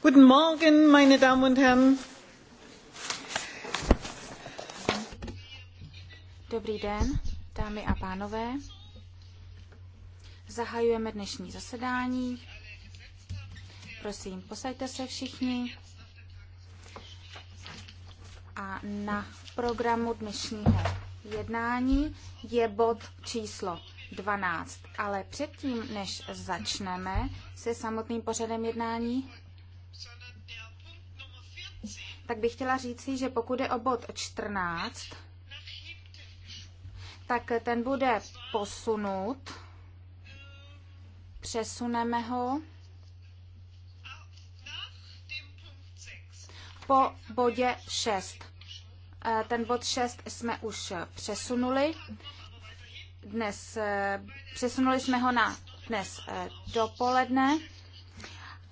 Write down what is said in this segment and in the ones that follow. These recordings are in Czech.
Guten Morgen, meine Damen und Herren. Dobrý den, dámy a pánové. Zahajujeme dnešní zasedání. Prosím, posaďte se všichni. A na programu dnešního jednání je bod číslo 12. Ale předtím, než začneme se samotným pořadem jednání, tak bych chtěla si, že pokud je o bod 14, tak ten bude posunut. Přesuneme ho po bodě 6. Eh, ten bod 6 jsme už přesunuli. Dnes eh, přesunuli jsme ho na dnes eh, dopoledne,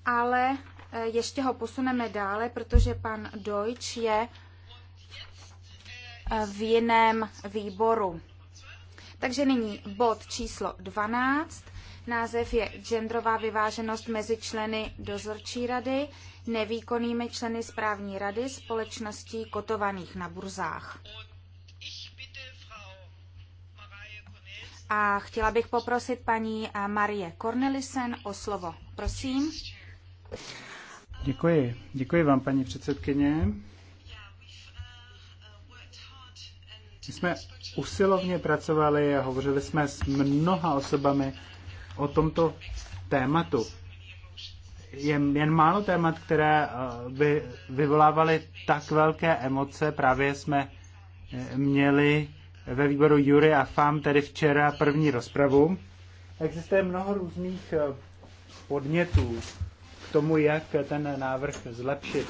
ale Eh, ještě ho posuneme dále, protože pan Deutsch je eh, v jiném výboru. Takže nyní bod číslo 12. Název je Genderová vyváženost mezi členy dozorčí rady, nevýkonnými členy správní rady společností kotovaných na burzách. A chtěla bych poprosit paní eh, Marie Cornelisen o slovo. Prosím. Děkuji. Děkuji vám, paní předsedkyně. My jsme usilovně pracovali a hovořili jsme s mnoha osobami o tomto tématu. Je jen málo témat, které by eh, vyvolávaly tak velké emoce. Právě jsme eh, měli ve výboru Jury a FAM, tedy včera, první rozpravu. Existuje mnoho různých eh, podnětů tomu, jak ten návrh zlepšit.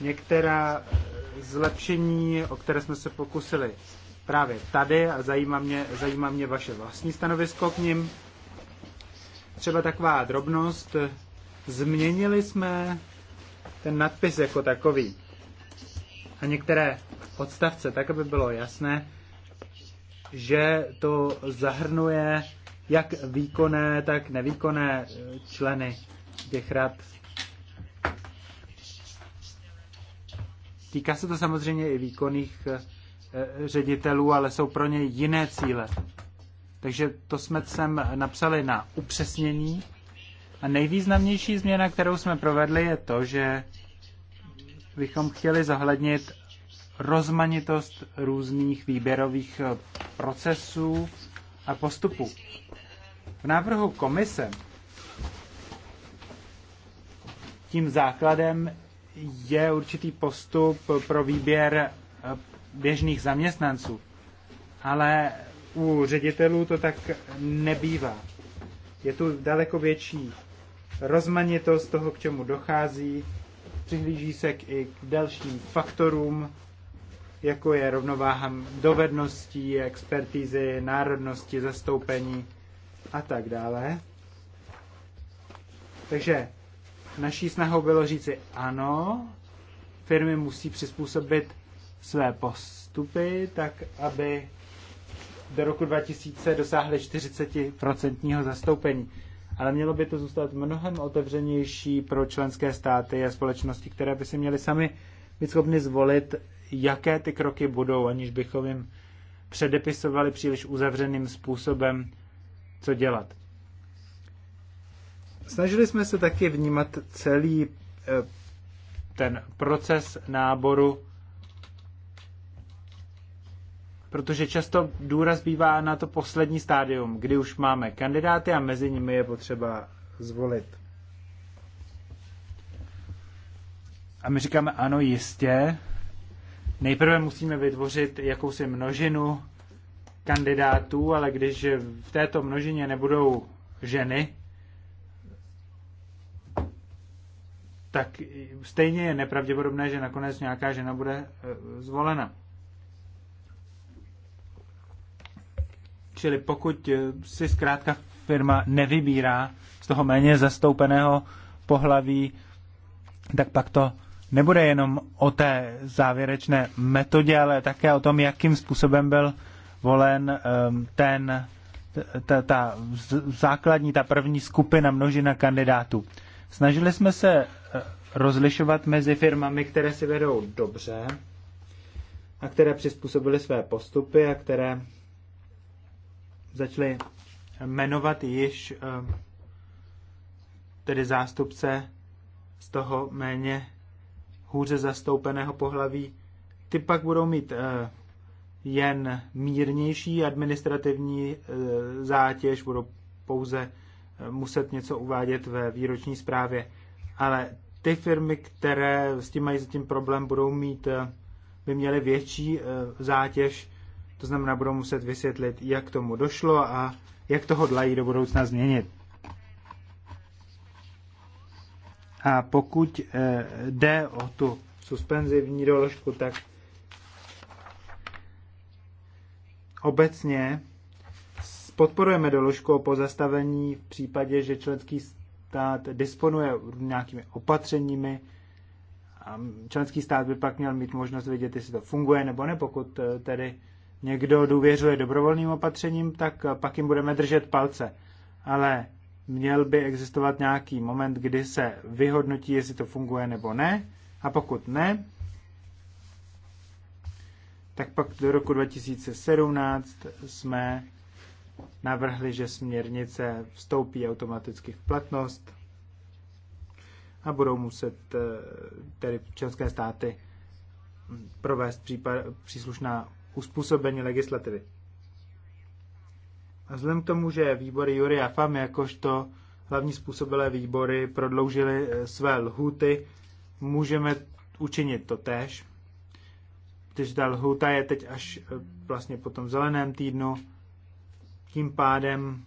Některá zlepšení, o které jsme se pokusili právě tady a zajímá mě, zajímá mě vaše vlastní stanovisko k ním. Třeba taková drobnost, změnili jsme ten nadpis jako takový a některé odstavce, tak aby bylo jasné, že to zahrnuje jak výkonné, tak nevýkonné členy bych rád. Týká se to samozřejmě i výkonných eh, eh, ředitelů, ale jsou pro ně jiné cíle. Takže to jsme sem napsali na upřesnění. A nejvýznamnější změna, kterou jsme provedli, je to, že bychom chtěli zohlednit rozmanitost různých výběrových eh, procesů a postupů. V návrhu komise tím základem je určitý postup pro výběr eh, běžných zaměstnanců. Ale u ředitelů to tak nebývá. Je tu daleko větší rozmanitost toho, k čemu dochází, přihlíží se k, i k dalším faktorům, jako je rovnováha dovedností, expertízy, národnosti, zastoupení a tak dále. Takže Naší snahou bylo říci ano, firmy musí přizpůsobit své postupy tak, aby do roku 2000 dosáhly 40% zastoupení. Ale mělo by to zůstat mnohem otevřenější pro členské státy a společnosti, které by si měly sami být schopny zvolit, jaké ty kroky budou, aniž bychom jim předepisovali příliš uzavřeným způsobem, co dělat. Snažili jsme se taky vnímat celý eh, ten proces náboru, protože často důraz bývá na to poslední stádium, kdy už máme kandidáty a mezi nimi je potřeba zvolit. A my říkáme, ano, jistě. Nejprve musíme vytvořit jakousi množinu kandidátů, ale když v této množině nebudou ženy, tak stejně je nepravděpodobné, že nakonec nějaká žena bude eh, zvolena. Čili pokud eh, si zkrátka firma nevybírá z toho méně zastoupeného pohlaví, tak pak to nebude jenom o té závěrečné metodě, ale také o tom, jakým způsobem byl volen ehm, ten, ta, ta základní, ta první skupina množina kandidátů. Snažili jsme se eh, rozlišovat mezi firmami, které si vedou dobře a které přizpůsobily své postupy a které začaly jmenovat již eh, tedy zástupce z toho méně hůře zastoupeného pohlaví, ty pak budou mít eh, jen mírnější administrativní zátěž, budou pouze muset něco uvádět ve výroční zprávě. Ale ty firmy, které s tím mají zatím problém, budou mít, eh, by měly větší eh, zátěž, to znamená, budou muset vysvětlit, jak k tomu došlo a jak to hodlají do budoucna změnit. A pokud eh, jde o tu suspenzivní doložku, tak obecně podporujeme doložku o pozastavení v případě, že členský stát disponuje nějakými opatřeními a členský stát by pak měl mít možnost vidět, jestli to funguje nebo ne, pokud eh, tedy někdo důvěřuje dobrovolným opatřením, tak eh, pak jim budeme držet palce. Ale měl by existovat nějaký moment, kdy se vyhodnotí, jestli to funguje nebo ne. A pokud ne, tak pak do roku 2017 jsme navrhli, že směrnice vstoupí automaticky v platnost a budou muset eh, tedy členské státy hm, provést případ, příslušná uspůsobení legislativy. A vzhledem k tomu, že výbory Jury a FAM jakožto hlavní způsobilé výbory prodloužily eh, své lhuty, můžeme učinit to tež, protože ta lhuta je teď až eh, vlastně po tom zeleném týdnu, tím pádem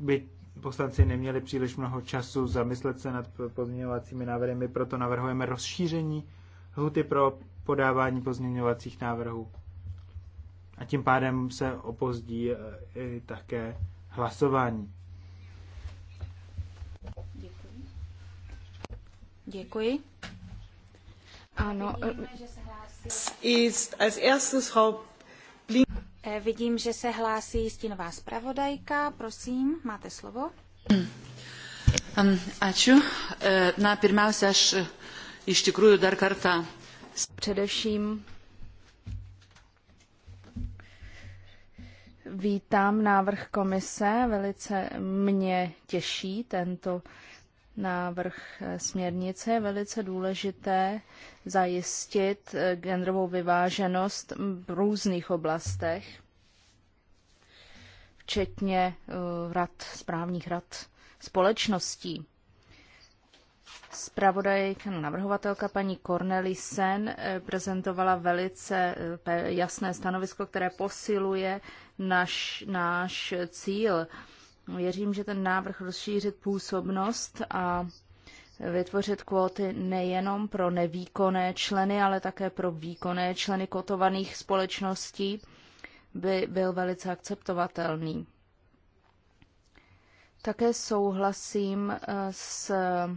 by poslanci neměli příliš mnoho času zamyslet se nad pozměňovacími návrhy. My proto navrhujeme rozšíření lhuty pro podávání pozměňovacích návrhů. A tím pádem se opozdí e, i také hlasování. Děkuji. Děkuji. Ano. E, Ist als erstes Frau E, vidím, že se hlásí stínová zpravodajka. Prosím, máte slovo. Ačiū. E, na pirmiausia, aš e, iš tikrųjų dar kartą. Především vítám návrh komise. Velice mě těší tento návrh eh, směrnice je velice důležité zajistit eh, genderovou vyváženost v různých oblastech, včetně eh, rad, správních rad společností. Spravodajka, no, navrhovatelka paní Corneli Sen prezentovala velice jasné stanovisko, které posiluje naš, náš cíl Věřím, že ten návrh rozšířit působnost a vytvořit kvóty nejenom pro nevýkonné členy, ale také pro výkonné členy kotovaných společností by byl velice akceptovatelný. Také souhlasím eh, s eh,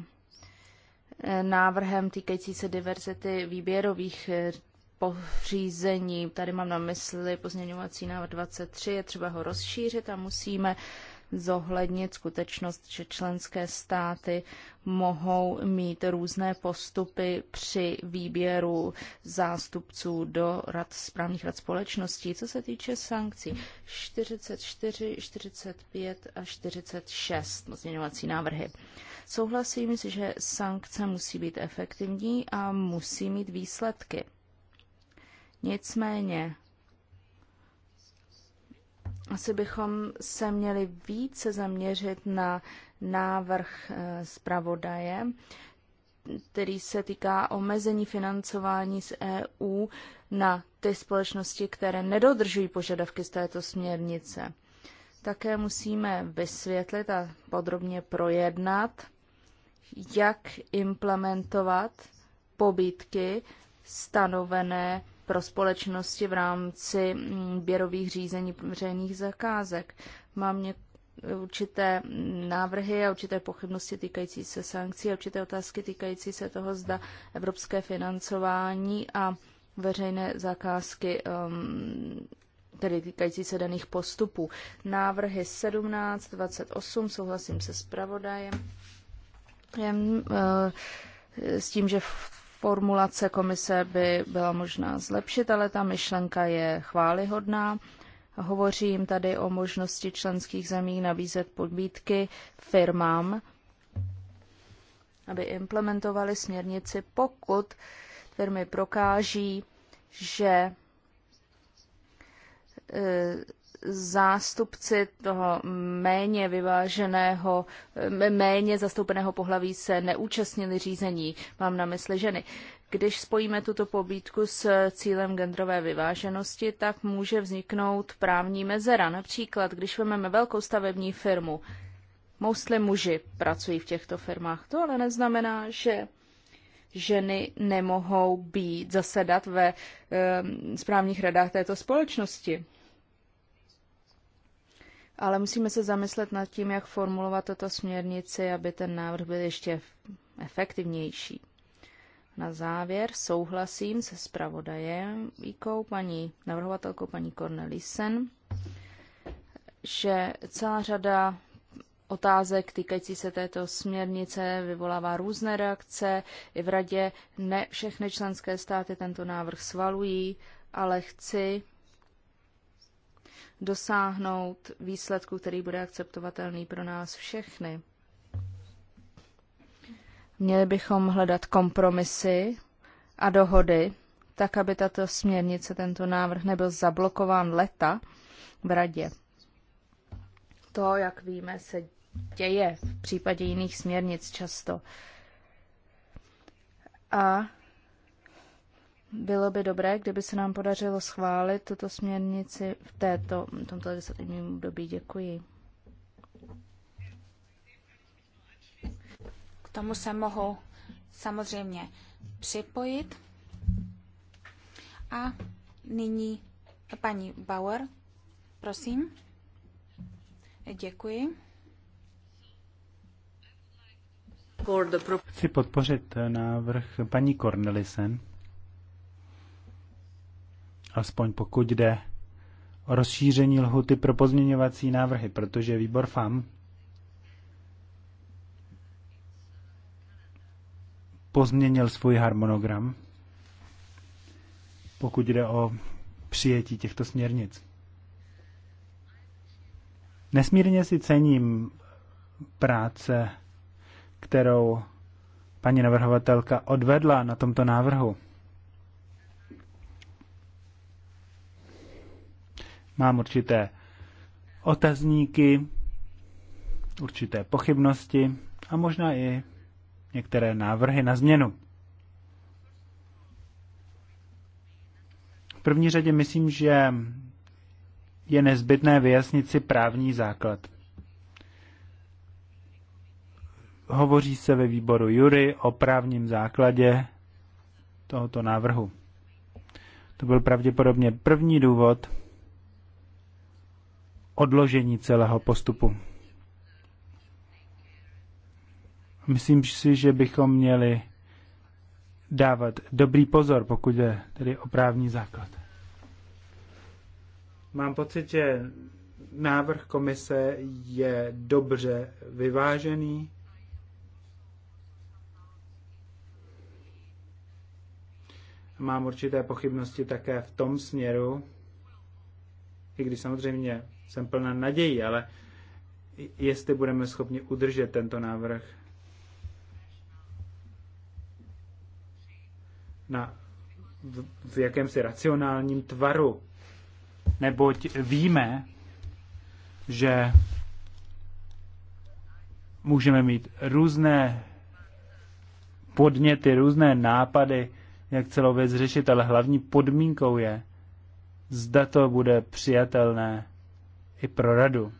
návrhem týkající se diverzity výběrových eh, pořízení. Tady mám na mysli pozměňovací návrh 23, je třeba ho rozšířit a musíme zohlednit skutečnost, že členské státy mohou mít různé postupy při výběru zástupců do rad, správných rad společností. Co se týče sankcí, 44, 45 a 46 pozměňovací návrhy. Souhlasím, že sankce musí být efektivní a musí mít výsledky. Nicméně asi bychom se měli více zaměřit na návrh eh, zpravodaje, který se týká omezení financování z EU na ty společnosti, které nedodržují požadavky z této směrnice. Také musíme vysvětlit a podrobně projednat, jak implementovat pobídky stanovené pro společnosti v rámci mm, běrových řízení veřejných zakázek. Mám něk- určité návrhy a určité pochybnosti týkající se sankcí a určité otázky týkající se toho, zda evropské financování a veřejné zakázky, um, tedy týkající se daných postupů. Návrhy 17, 28, souhlasím se s pravodajem, eh, s tím, že formulace komise by byla možná zlepšit, ale ta myšlenka je chválihodná. Hovořím tady o možnosti členských zemí nabízet podbídky firmám, aby implementovali směrnici, pokud firmy prokáží, že eh, zástupci toho méně vyváženého, méně zastoupeného pohlaví se neúčastnili řízení, mám na mysli ženy. Když spojíme tuto pobídku s cílem genderové vyváženosti, tak může vzniknout právní mezera. Například, když vezmeme velkou stavební firmu, mostly muži pracují v těchto firmách. To ale neznamená, že ženy nemohou být zasedat ve správních radách této společnosti. Ale musíme se zamyslet nad tím, jak formulovat toto směrnici, aby ten návrh byl ještě efektivnější. Na závěr souhlasím se zpravodajem výkou paní navrhovatelkou paní Cornelisen, že celá řada otázek týkající se této směrnice vyvolává různé reakce. I v radě ne všechny členské státy tento návrh svalují, ale chci dosáhnout výsledku, který bude akceptovatelný pro nás všechny. Měli bychom hledat kompromisy a dohody, tak aby tato směrnice, tento návrh nebyl zablokován leta v radě. To, jak víme, se děje v případě jiných směrnic často. A bylo by dobré, kdyby se nám podařilo schválit tuto směrnici v této, v tomto legislativním období. Děkuji. K tomu se mohu samozřejmě připojit. A nyní paní Bauer, prosím. Děkuji. Chci podpořit eh, návrh paní Cornelisen alespoň pokud jde o rozšíření lhuty pro pozměňovací návrhy, protože výbor FAM pozměnil svůj harmonogram, pokud jde o přijetí těchto směrnic. Nesmírně si cením práce, kterou paní navrhovatelka odvedla na tomto návrhu. mám určité otazníky, určité pochybnosti a možná i některé návrhy na změnu. V první řadě myslím, že je nezbytné vyjasnit si právní základ. Hovoří se ve výboru Jury o právním základě tohoto návrhu. To byl pravděpodobně první důvod, odložení celého postupu. Myslím si, že bychom měli dávat dobrý pozor, pokud je tedy o právní základ. Mám pocit, že návrh komise je dobře vyvážený. Mám určité pochybnosti také v tom směru, i když samozřejmě jsem plná naději, ale jestli budeme schopni udržet tento návrh na, v, v jakémsi racionálním tvaru, neboť víme, že můžeme mít různé podněty, různé nápady, jak celou věc řešit, ale hlavní podmínkou je, zda to bude přijatelné i pro radu.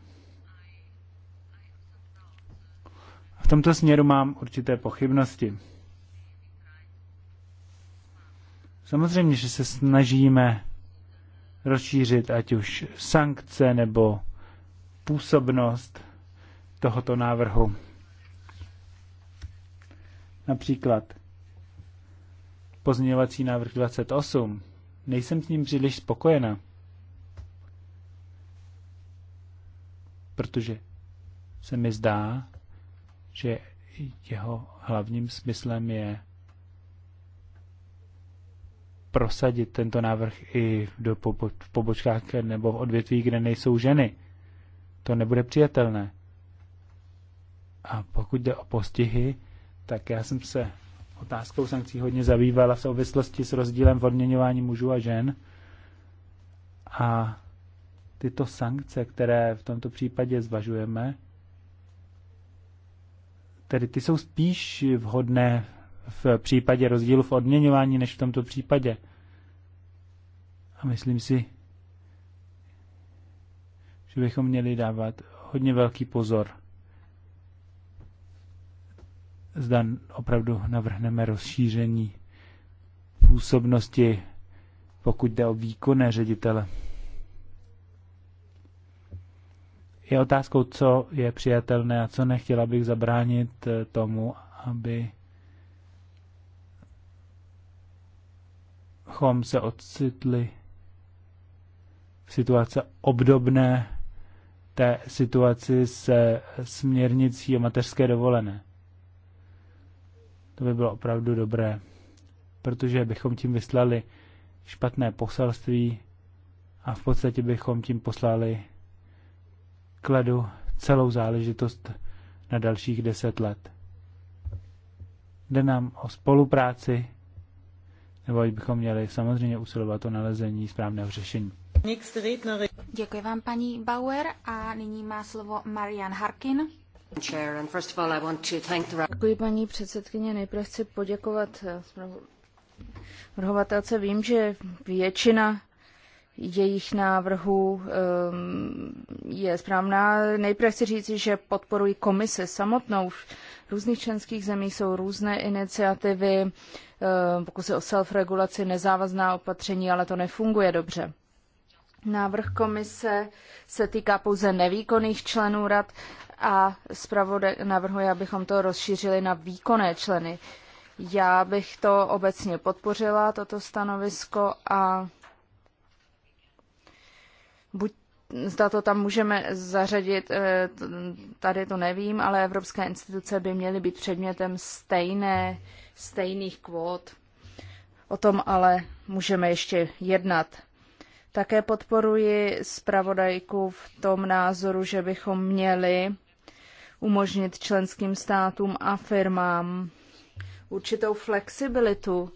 V tomto směru mám určité pochybnosti. Samozřejmě, že se snažíme rozšířit ať už sankce nebo působnost tohoto návrhu. Například pozměňovací návrh 28. Nejsem s ním příliš spokojena. protože se mi zdá, že jeho hlavním smyslem je prosadit tento návrh i do v pobočkách nebo v odvětví, kde nejsou ženy. To nebude přijatelné. A pokud jde o postihy, tak já jsem se otázkou sankcí hodně zabývala v souvislosti s rozdílem v odměňování mužů a žen. A tyto sankce, které v tomto případě zvažujeme, tedy ty jsou spíš vhodné v případě rozdílu v odměňování než v tomto případě. A myslím si, že bychom měli dávat hodně velký pozor. Zda opravdu navrhneme rozšíření působnosti, pokud jde o výkonné ředitele. je otázkou, co je přijatelné a co nechtěla bych zabránit eh, tomu, aby chom se ocitli v situace obdobné té situaci se směrnicí o mateřské dovolené. To by bylo opravdu dobré, protože bychom tím vyslali špatné poselství a v podstatě bychom tím poslali kladu celou záležitost na dalších deset let. Jde nám o spolupráci, nebo bychom měli samozřejmě usilovat o nalezení správného řešení. Děkuji vám, paní Bauer, a nyní má slovo Marian Harkin. Děkuji, paní předsedkyně. Nejprve chci poděkovat eh, vrhovatelce. Vím, že většina jejich návrhů ehm, je správná. Nejprve chci říct, že podporuji komise samotnou. V různých členských zemích jsou různé iniciativy, ehm, pokusy o self-regulaci, nezávazná opatření, ale to nefunguje dobře. Návrh komise se týká pouze nevýkonných členů rad a zpravodaj navrhuje, abychom to rozšířili na výkonné členy. Já bych to obecně podpořila, toto stanovisko, a Buď Zda to tam můžeme zařadit, eh, tady to nevím, ale evropské instituce by měly být předmětem stejné, stejných kvót. O tom ale můžeme ještě jednat. Také podporuji zpravodajku v tom názoru, že bychom měli umožnit členským státům a firmám určitou flexibilitu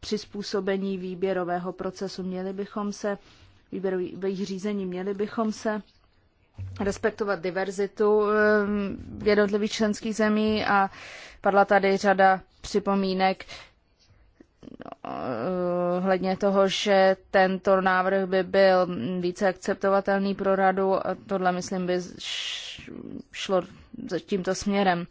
přizpůsobení výběrového procesu. Měli bychom se výběrových řízení. Měli bychom se respektovat diverzitu ehm, jednotlivých členských zemí a padla tady řada připomínek no, eh, hledně toho, že tento návrh by byl více akceptovatelný pro radu a tohle, myslím, by šlo za tímto směrem. Uh,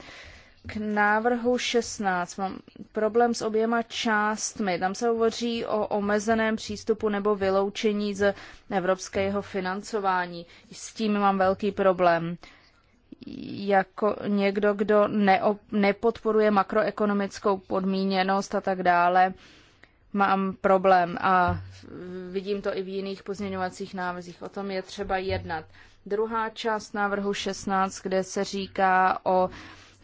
k návrhu 16 mám problém s oběma částmi. Tam se hovoří o omezeném přístupu nebo vyloučení z evropského financování. S tím mám velký problém. Jako někdo, kdo neop, nepodporuje makroekonomickou podmíněnost a tak dále, mám problém a vidím to i v jiných pozměňovacích návrzích. O tom je třeba jednat. Druhá část návrhu 16, kde se říká o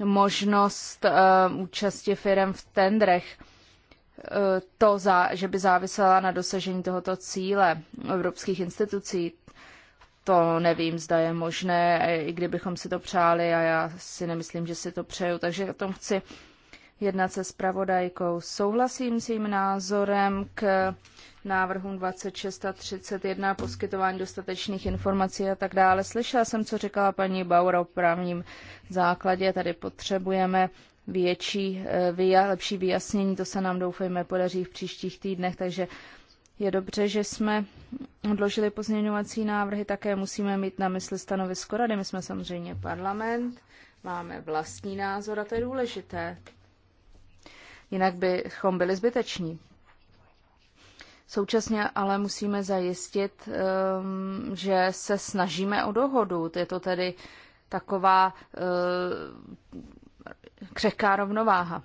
možnost eh, účasti firm v tendrech. Eh, to, že by závisela na dosažení tohoto cíle evropských institucí, to nevím, zda je možné, i kdybychom si to přáli a já si nemyslím, že si to přeju, takže o tom chci jednat se spravodajkou. Souhlasím s jejím názorem k návrhům 26 a 31, poskytování dostatečných informací a tak dále. Slyšela jsem, co říkala paní Bauer o právním základě. Tady potřebujeme větší, eh, lepší vyjasnění. To se nám doufejme podaří v příštích týdnech, takže je dobře, že jsme odložili pozměňovací návrhy, také musíme mít na mysli stanovisko rady. My jsme samozřejmě parlament, máme vlastní názor a to je důležité. Jinak bychom byli zbyteční. Současně ale musíme zajistit, ehm, že se snažíme o dohodu. Je to tedy taková eh, křehká rovnováha.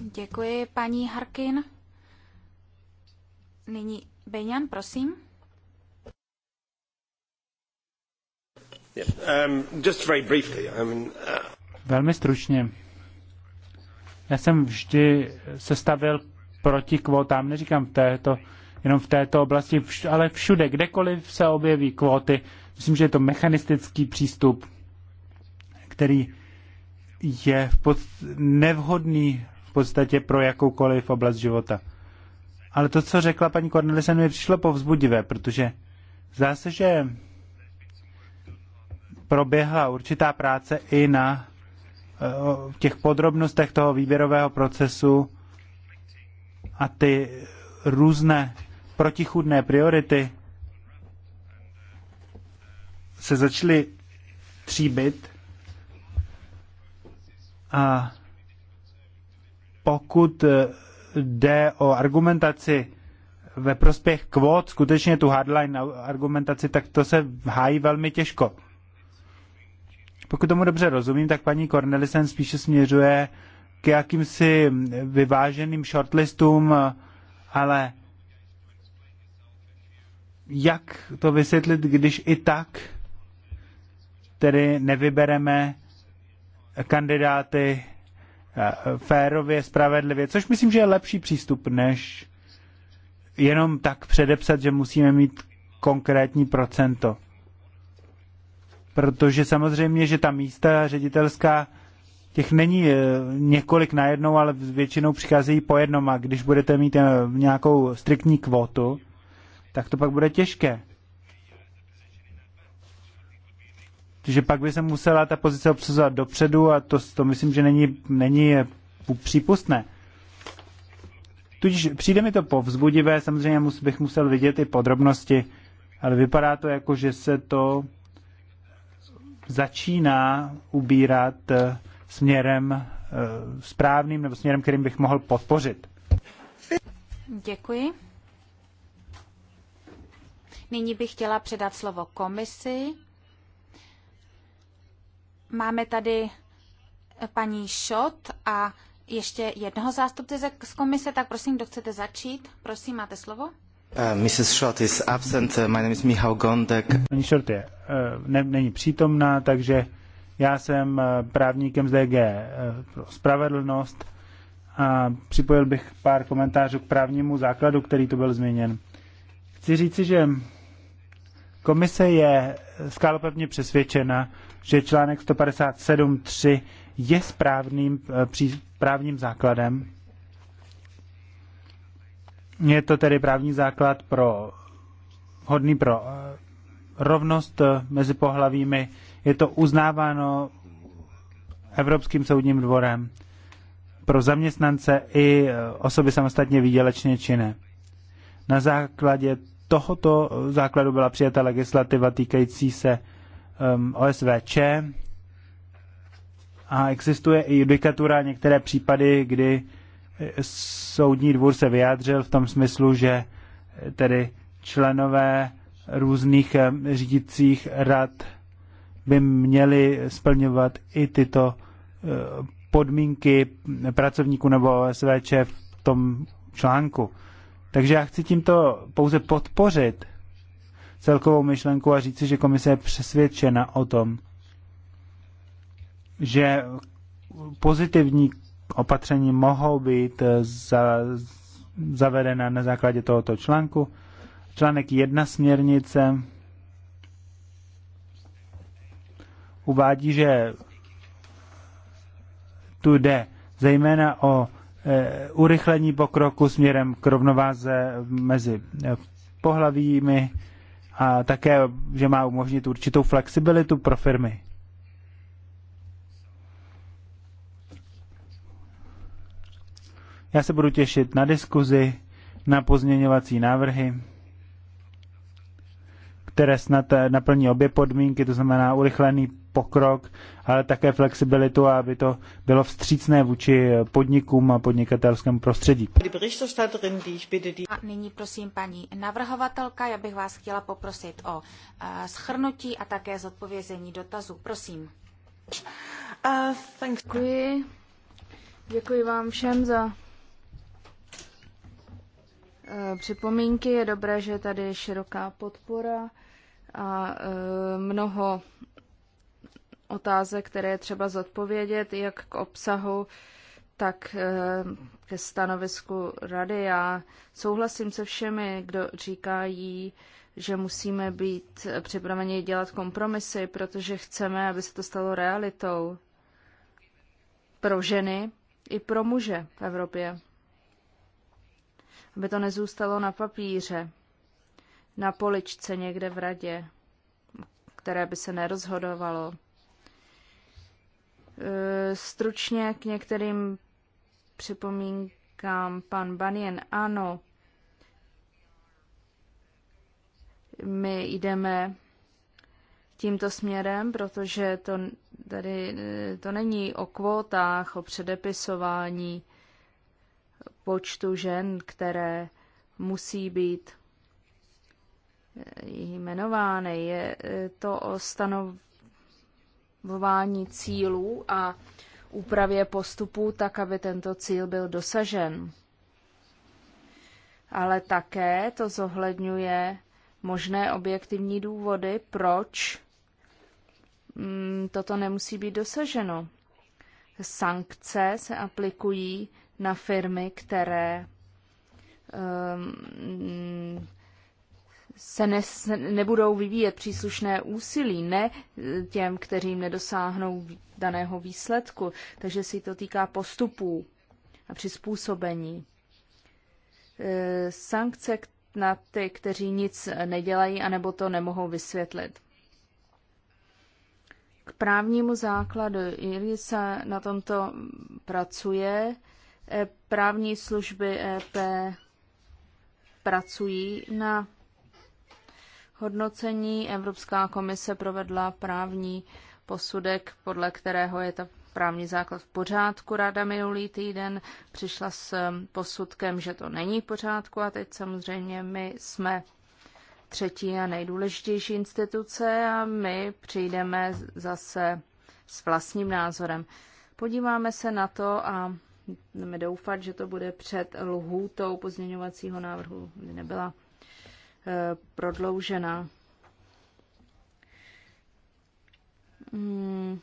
Děkuji, paní Harkin. Nyní Beňan, prosím. Um, uh, Velmi stručně. Já jsem vždy sestavil proti kvótám, neříkám v této, jenom v této oblasti, ale všude, kdekoliv se objeví kvóty, myslím, že je to mechanistický přístup, který je v pod, nevhodný v podstatě pro jakoukoliv oblast života. Ale to, co řekla paní Cornelisen, mi přišlo povzbudivé, protože zdá se, že proběhla určitá práce i na eh, těch podrobnostech toho výběrového procesu a ty různé protichudné priority se začaly tříbit a pokud jde o argumentaci ve prospěch kvót, skutečně tu hardline argumentaci, tak to se hájí velmi těžko. Pokud tomu dobře rozumím, tak paní Cornelisen spíše směřuje k jakýmsi vyváženým shortlistům, ale jak to vysvětlit, když i tak tedy nevybereme kandidáty eh, férově, spravedlivě, což myslím, že je lepší přístup, než jenom tak předepsat, že musíme mít konkrétní procento. Protože samozřejmě, že ta místa ředitelská těch není eh, několik najednou, ale většinou přicházejí po jednom a když budete mít eh, nějakou striktní kvotu, tak to pak bude těžké. Takže pak by se musela ta pozice obsazovat dopředu a to, to myslím, že není, není eh, přípustné. Tudíž přijde mi to povzbudivé, samozřejmě bych musel vidět i podrobnosti, ale vypadá to jako, že se to začíná ubírat směrem eh, správným nebo směrem, kterým bych mohl podpořit. Děkuji. Nyní bych chtěla předat slovo komisi. Máme tady paní Šot a ještě jednoho zástupce z komise, tak prosím, kdo chcete začít? Prosím, máte slovo. Uh, Mrs. Schott is absent. Uh, my name is Michal Gondek. Paní Schott je uh, ne, není přítomná, takže já jsem eh, právníkem z DG eh, pro spravedlnost a připojil bych pár komentářů k právnímu základu, který tu byl změněn. Chci říci, že komise je skálopevně přesvědčena, že článek 157.3 je správným eh, právním základem. Je to tedy právní základ pro hodný pro rovnost mezi pohlavími, je to uznáváno Evropským soudním dvorem pro zaměstnance i e, osoby samostatně výdělečně činné. Na základě tohoto základu byla přijata legislativa týkající se um, OSVČ a existuje i judikatura některé případy, kdy e, soudní dvůr se vyjádřil v tom smyslu, že e, tedy členové různých řídících rad by měli splňovat i tyto eh, podmínky pracovníků nebo SVČ v tom článku. Takže já chci tímto pouze podpořit celkovou myšlenku a říci, že komise je přesvědčena o tom, že pozitivní opatření mohou být eh, za, zavedena na základě tohoto článku. Článek jedna směrnice uvádí, že tu jde zejména o e, urychlení pokroku směrem k rovnováze mezi e, pohlavími a také, že má umožnit určitou flexibilitu pro firmy. Já se budu těšit na diskuzi, na pozměňovací návrhy, které snad e, naplní obě podmínky, to znamená urychlený pokrok, ale také flexibilitu, aby to bylo vstřícné vůči podnikům a podnikatelskému prostředí. A nyní prosím paní navrhovatelka, já bych vás chtěla poprosit o eh, schrnutí a také zodpovězení dotazů. Prosím. Uh, Děkuji. Děkuji vám všem za eh, připomínky. Je dobré, že tady je široká podpora a mnoho otázek, které je třeba zodpovědět, jak k obsahu, tak eh, ke stanovisku rady. Já souhlasím se všemi, kdo říkají, že musíme být připraveni dělat kompromisy, protože chceme, aby se to stalo realitou pro ženy i pro muže v Evropě. Aby to nezůstalo na papíře, na poličce někde v radě, které by se nerozhodovalo. Eh, stručně k některým připomínkám pan Banjen Ano, my jdeme tímto směrem, protože to, tady, eh, to není o kvótách, o předepisování počtu žen, které musí být eh, jmenovány. Je to o stanov, stanovování cílů a úpravě postupů tak, aby tento cíl byl dosažen. Ale také to zohledňuje možné objektivní důvody, proč mm, toto nemusí být dosaženo. Sankce se aplikují na firmy, které ehm, se ne, se nebudou vyvíjet příslušné úsilí, ne těm, kterým nedosáhnou daného výsledku. Takže si to týká postupů a přizpůsobení. E, sankce na ty, kteří nic nedělají anebo to nemohou vysvětlit. K právnímu základu Irisa na tomto pracuje. E, právní služby EP pracují na hodnocení Evropská komise provedla právní posudek, podle kterého je ta právní základ v pořádku. Rada minulý týden přišla s posudkem, že to není v pořádku a teď samozřejmě my jsme třetí a nejdůležitější instituce a my přijdeme zase s vlastním názorem. Podíváme se na to a budeme doufat, že to bude před lhůtou pozměňovacího návrhu, kdy nebyla prodloužena. Hmm.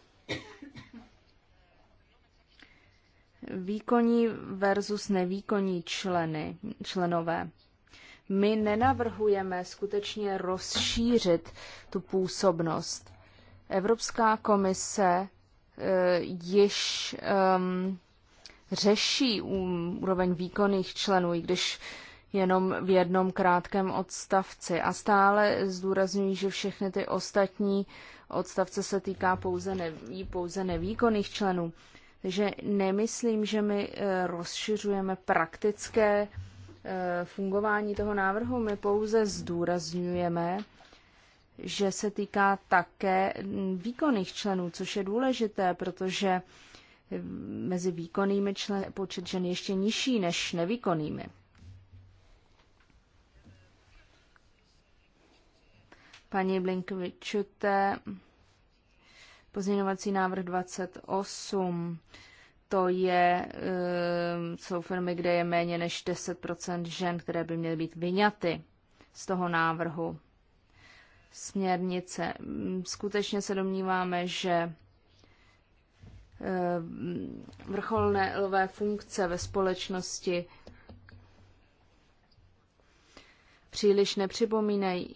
Výkonní versus nevýkonní členy, členové. My nenavrhujeme skutečně rozšířit tu působnost. Evropská komise eh, již ehm, řeší úroveň výkonných členů, i když jenom v jednom krátkém odstavci. A stále zdůrazňují, že všechny ty ostatní odstavce se týká pouze, neví, pouze nevýkonných členů. Takže nemyslím, že my eh, rozšiřujeme praktické eh, fungování toho návrhu. My pouze zdůrazňujeme, že se týká také výkonných členů, což je důležité, protože eh, mezi výkonnými členy počet žen ještě nižší než nevýkonnými. paní Blinkovičute. Pozměňovací návrh 28. To je, eh, jsou firmy, kde je méně než 10% žen, které by měly být vyňaty z toho návrhu směrnice. Mm, skutečně se domníváme, že eh, vrcholné lové funkce ve společnosti příliš nepřipomínají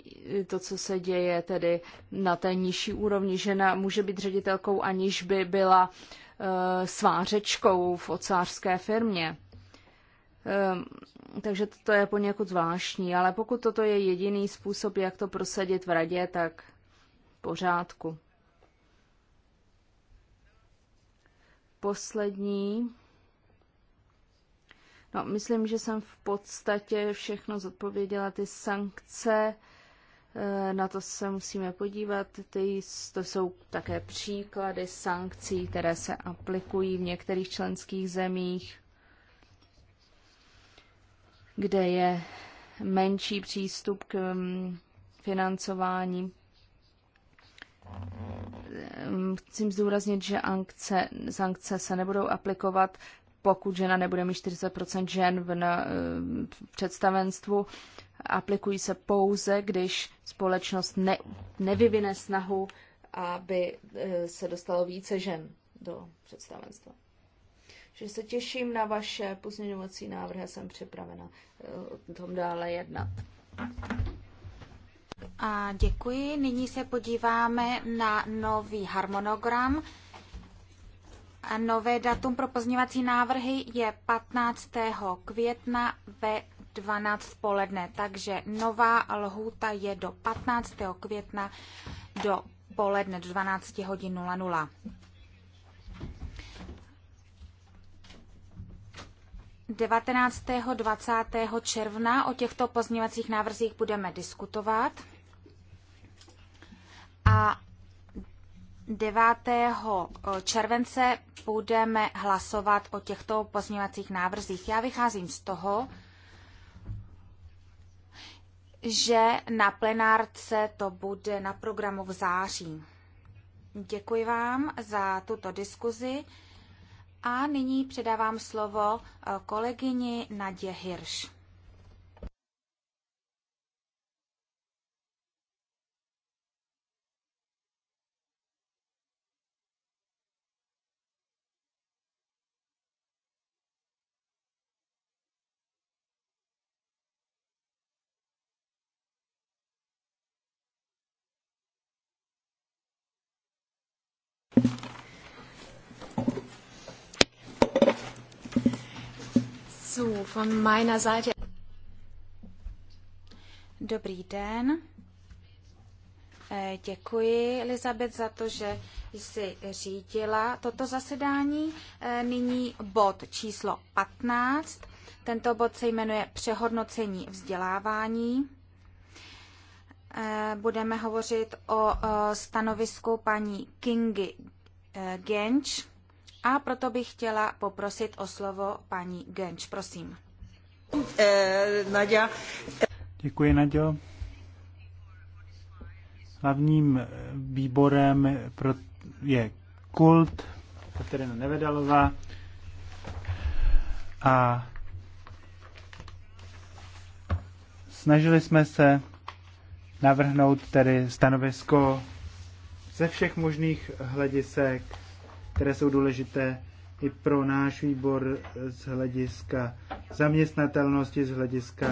to, co se děje tedy na té nižší úrovni. Žena může být ředitelkou, aniž by byla eh, svářečkou v ocářské firmě. Eh, takže to je poněkud zvláštní, ale pokud toto je jediný způsob, jak to prosadit v radě, tak v pořádku. Poslední No, myslím, že jsem v podstatě všechno zodpověděla. Ty sankce, eh, na to se musíme podívat. Ty, to jsou také příklady sankcí, které se aplikují v některých členských zemích, kde je menší přístup k mm, financování. Ehm, chci zdůraznit, že sankce, sankce se nebudou aplikovat pokud žena nebude mít 40% žen v, na, eh, v představenstvu, aplikují se pouze, když společnost ne, nevyvine snahu, aby eh, se dostalo více žen do představenstva. Že se těším na vaše pozměňovací návrhy, jsem připravena eh, o tom dále jednat. A děkuji. Nyní se podíváme na nový harmonogram. Nové datum pro pozměňovací návrhy je 15. května ve 12 poledne, takže nová lhůta je do 15. května do poledne do 12 hodin 00. Devatenáctého 20. června o těchto pozměňovacích návrzích budeme diskutovat a 9. Eh, července budeme hlasovat o těchto pozměňovacích návrzích. Já vycházím z toho, že na plenárce to bude na programu v září. Děkuji vám za tuto diskuzi a nyní předávám slovo eh, kolegyni Nadě Hirsch. von meiner Seite. Dobrý den. Eh, děkuji, Elizabeth, za to, že jsi řídila toto zasedání. Eh, nyní bod číslo 15. Tento bod se jmenuje Přehodnocení vzdělávání. Eh, budeme hovořit o stanovisku paní Kingy Genč a proto bych chtěla poprosit o slovo paní Genč. Prosím. Eh, Nadia. Děkuji, Naděl. Hlavním výborem pro, je kult Katerina Nevedalová a snažili jsme se navrhnout tedy stanovisko ze všech možných hledisek které jsou důležité i pro náš výbor z hlediska zaměstnatelnosti, z hlediska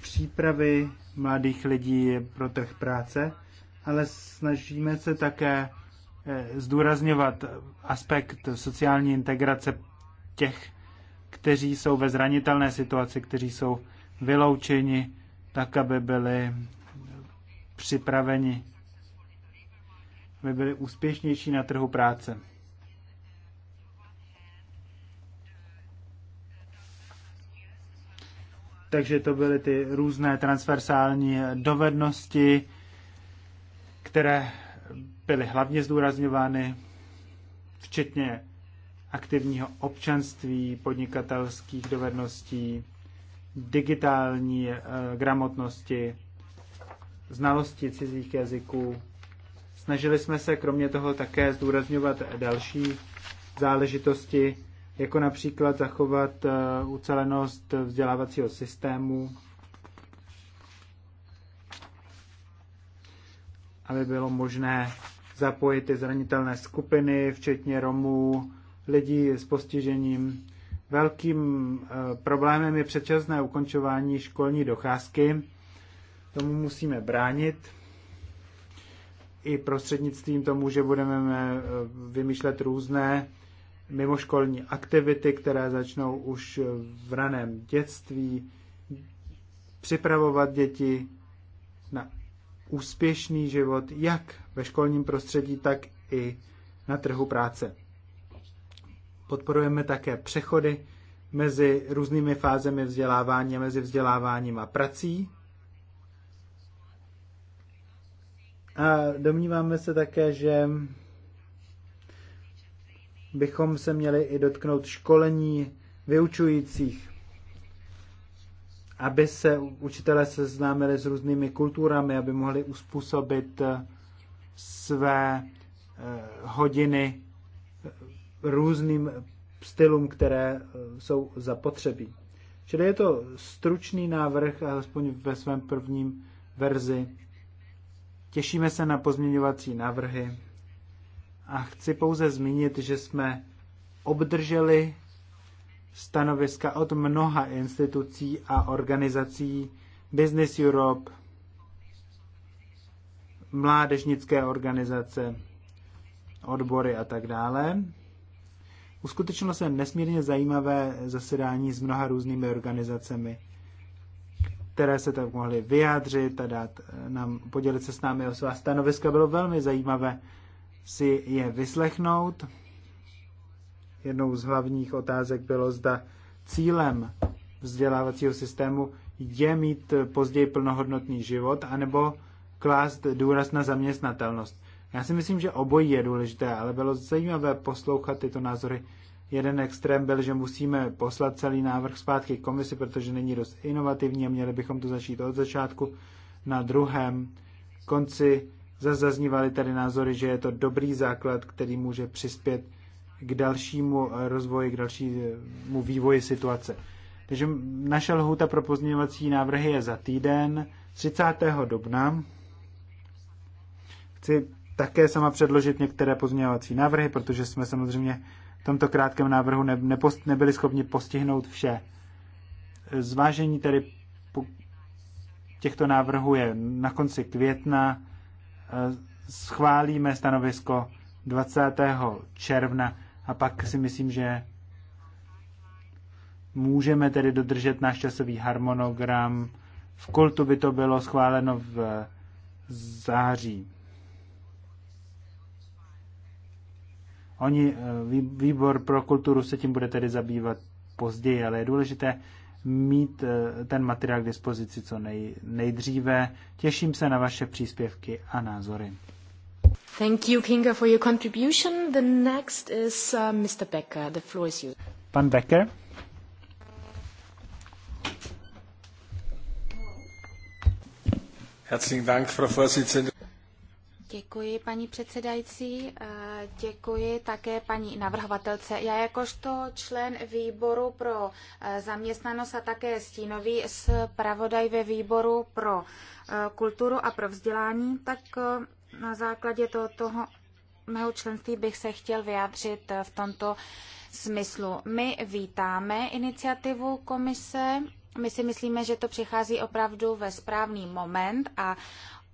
přípravy mladých lidí pro trh práce, ale snažíme se také eh, zdůrazňovat aspekt sociální integrace těch, kteří jsou ve zranitelné situaci, kteří jsou vyloučeni, tak, aby byli připraveni, aby byli úspěšnější na trhu práce. Takže to byly ty různé transversální dovednosti, které byly hlavně zdůrazňovány, včetně aktivního občanství, podnikatelských dovedností, digitální e, gramotnosti, znalosti cizích jazyků. Snažili jsme se kromě toho také zdůrazňovat další záležitosti, jako například zachovat eh, ucelenost vzdělávacího systému, aby bylo možné zapojit ty zranitelné skupiny, včetně Romů, lidí s postižením. Velkým eh, problémem je předčasné ukončování školní docházky. Tomu musíme bránit i prostřednictvím tomu, že budeme eh, vymýšlet různé mimoškolní aktivity, které začnou už v raném dětství, připravovat děti na úspěšný život jak ve školním prostředí, tak i na trhu práce. Podporujeme také přechody mezi různými fázemi vzdělávání a mezi vzděláváním a prací. A domníváme se také, že bychom se měli i dotknout školení vyučujících, aby se učitelé seznámili s různými kulturami, aby mohli uspůsobit eh, své eh, hodiny eh, různým stylům, které jsou zapotřebí. Čili je to stručný návrh, alespoň ve svém prvním verzi. Těšíme se na pozměňovací návrhy a chci pouze zmínit, že jsme obdrželi stanoviska od mnoha institucí a organizací Business Europe, mládežnické organizace, odbory a tak dále. Uskutečnilo se nesmírně zajímavé zasedání s mnoha různými organizacemi, které se tak mohly vyjádřit a dát eh, nám, podělit se s námi o svá stanoviska. Bylo velmi zajímavé si je vyslechnout. Jednou z hlavních otázek bylo, zda cílem vzdělávacího systému je mít později plnohodnotný život, anebo klást důraz na zaměstnatelnost. Já si myslím, že obojí je důležité, ale bylo zajímavé poslouchat tyto názory. Jeden extrém byl, že musíme poslat celý návrh zpátky komisi, protože není dost inovativní a měli bychom to začít od začátku. Na druhém konci Zaznívaly tady názory, že je to dobrý základ, který může přispět k dalšímu eh, rozvoji, k dalšímu vývoji situace. Takže naše lhůta pro pozměňovací návrhy je za týden 30. dubna. Chci také sama předložit některé pozměňovací návrhy, protože jsme samozřejmě v tomto krátkém návrhu ne, nepost, nebyli schopni postihnout vše. Zvážení tedy těchto návrhů je na konci května schválíme stanovisko 20. června a pak si myslím, že můžeme tedy dodržet náš časový harmonogram. V kultu by to bylo schváleno v září. Oni, eh, výbor pro kulturu se tím bude tedy zabývat později, ale je důležité, mít eh, ten materiál k dispozici co nej, nejdříve. Těším se na vaše příspěvky a názory. Thank you, Kinga, for your contribution. The next is uh, Mr. Becker. The floor is yours. Pan Becker. Herzlichen Dank, Frau Vorsitzende. Děkuji, paní předsedající. Eh, Děkuji také paní navrhovatelce. Já jakožto člen výboru pro eh, zaměstnanost a také stínový zpravodaj ve výboru pro eh, kulturu a pro vzdělání, tak eh, na základě toho, toho mého členství bych se chtěl vyjádřit v tomto smyslu. My vítáme iniciativu komise my si myslíme, že to přichází opravdu ve správný moment a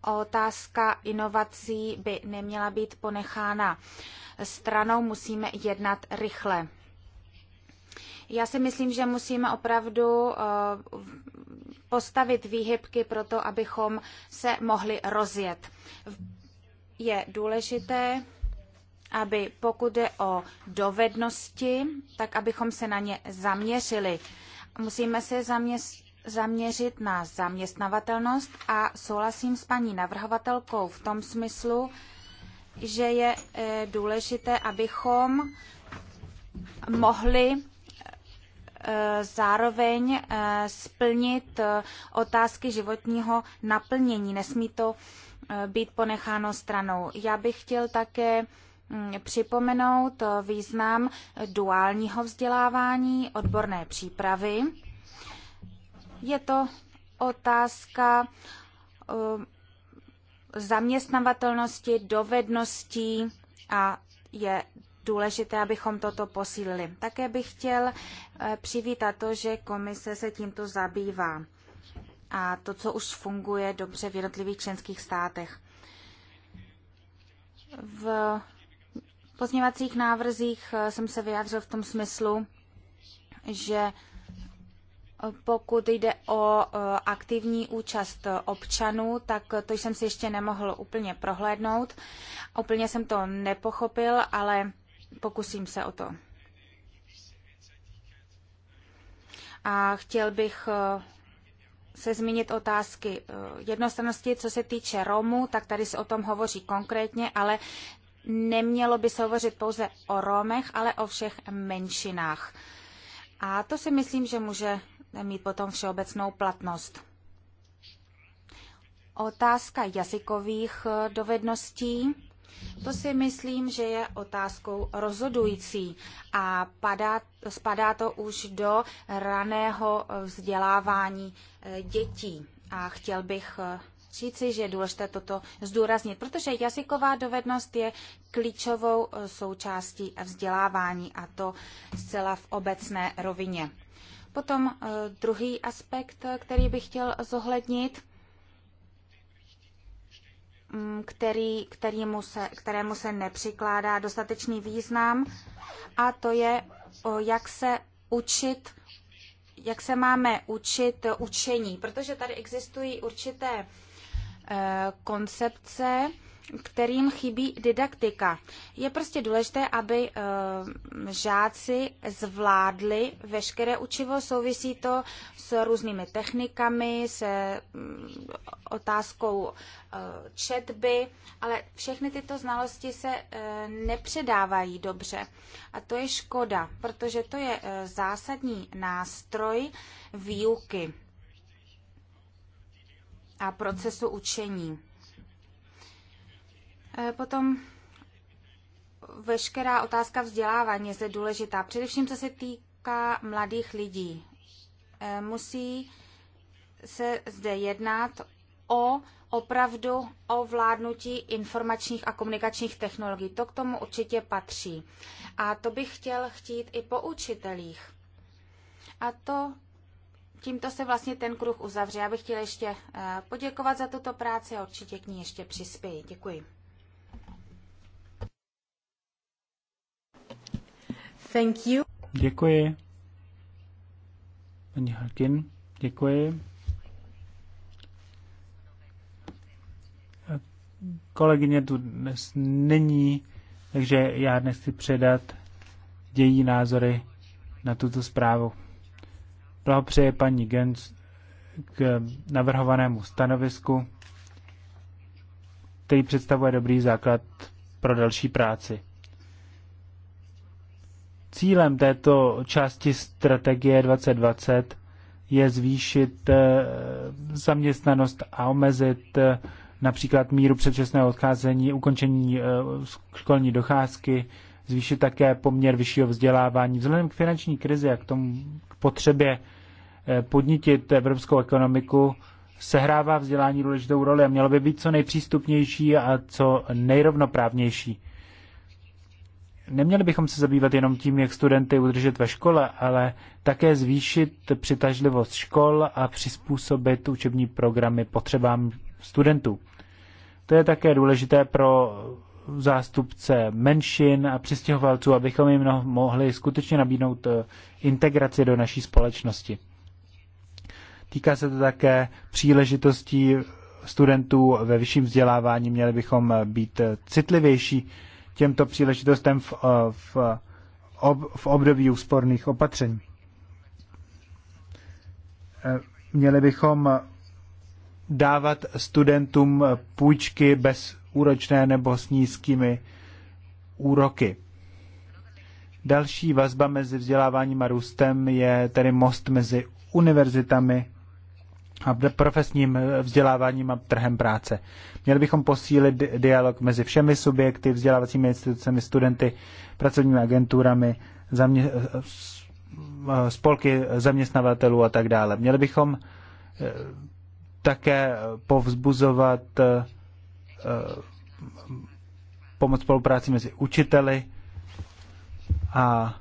otázka inovací by neměla být ponechána stranou, musíme jednat rychle. Já si myslím, že musíme opravdu eh, postavit výhybky pro to, abychom se mohli rozjet. Je důležité, aby pokud je o dovednosti, tak abychom se na ně zaměřili. Musíme se zaměřit zaměřit na zaměstnavatelnost a souhlasím s paní navrhovatelkou v tom smyslu, že je e, důležité, abychom mohli e, zároveň e, splnit otázky životního naplnění. Nesmí to být ponecháno stranou. Já bych chtěl také mm, připomenout význam duálního vzdělávání, odborné přípravy je to otázka um, zaměstnavatelnosti, dovedností a je důležité, abychom toto posílili. Také bych chtěl eh, přivítat to, že komise se tímto zabývá a to, co už funguje dobře v jednotlivých členských státech. V pozměvacích návrzích eh, jsem se vyjádřil v tom smyslu, že pokud jde o e, aktivní účast občanů, tak to jsem si ještě nemohl úplně prohlédnout. Úplně jsem to nepochopil, ale pokusím se o to. A chtěl bych e, se zmínit otázky e, jednostrannosti, co se týče Romů, tak tady se o tom hovoří konkrétně, ale nemělo by se hovořit pouze o Romech, ale o všech menšinách. A to si myslím, že může mít potom všeobecnou platnost. Otázka jazykových eh, dovedností. To si myslím, že je otázkou rozhodující a padá, spadá to už do raného eh, vzdělávání eh, dětí. A chtěl bych říci, že je důležité toto zdůraznit, protože jazyková dovednost je klíčovou součástí vzdělávání a to zcela v obecné rovině. Potom eh, druhý aspekt, eh, který bych chtěl zohlednit, mm, který, kterému, se, kterému se nepřikládá dostatečný význam, a to je, jak se učit, jak se máme učit učení, protože tady existují určité eh, koncepce, kterým chybí didaktika. Je prostě důležité, aby eh, žáci zvládli veškeré učivo. Souvisí to s různými technikami, se mm, otázkou eh, četby, ale všechny tyto znalosti se eh, nepředávají dobře. A to je škoda, protože to je zásadní nástroj výuky a procesu učení. Eh, potom veškerá otázka vzdělávání je zde důležitá, především co se týká mladých lidí. Eh, musí se zde jednat o opravdu o vládnutí informačních a komunikačních technologií. To k tomu určitě patří. A to bych chtěl chtít i po učitelích. A to tímto se vlastně ten kruh uzavře. Já bych chtěla ještě eh, poděkovat za tuto práci a určitě k ní ještě přispěji. Děkuji. Thank you. Děkuji. Paní Harkin, děkuji. Kolegyně tu dnes není, takže já dnes chci předat její názory na tuto zprávu. Blahopřeje paní Gens k navrhovanému stanovisku, který představuje dobrý základ pro další práci. Cílem této části strategie 2020 je zvýšit eh, zaměstnanost a omezit eh, například míru předčasného odcházení, ukončení eh, školní docházky, zvýšit také poměr vyššího vzdělávání. Vzhledem k finanční krizi a k tomu k potřebě podnítit evropskou ekonomiku, sehrává vzdělání důležitou roli a mělo by být co nejpřístupnější a co nejrovnoprávnější neměli bychom se zabývat jenom tím, jak studenty udržet ve škole, ale také zvýšit přitažlivost škol a přizpůsobit učební programy potřebám studentů. To je také důležité pro zástupce menšin a přistěhovalců, abychom jim no- mohli skutečně nabídnout eh, integraci do naší společnosti. Týká se to také příležitostí studentů ve vyšším vzdělávání. Měli bychom eh, být eh, citlivější těmto příležitostem v, eh, v, eh, v období úsporných opatření. Eh, měli bychom dávat studentům půjčky bez úročné nebo s nízkými úroky. Další vazba mezi vzděláváním a růstem je tedy most mezi univerzitami a profesním vzděláváním a trhem práce. Měli bychom posílit dialog mezi všemi subjekty, vzdělávacími institucemi, studenty, pracovními agenturami, zamě- spolky zaměstnavatelů a tak dále. Měli bychom eh, také povzbuzovat eh, eh, pomoc spolupráci mezi učiteli a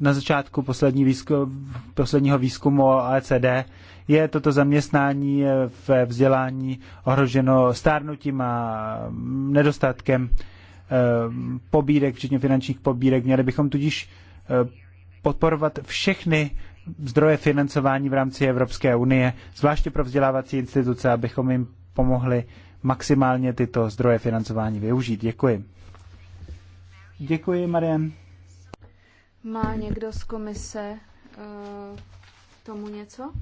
na začátku poslední výzku, posledního výzkumu OECD je toto zaměstnání ve vzdělání ohroženo stárnutím a nedostatkem eh, pobídek, včetně finančních pobídek. Měli bychom tudíž eh, podporovat všechny zdroje financování v rámci Evropské unie, zvláště pro vzdělávací instituce, abychom jim pomohli maximálně tyto zdroje financování využít. Děkuji. Děkuji, Marian. Má někdo z komise uh, tomu něco?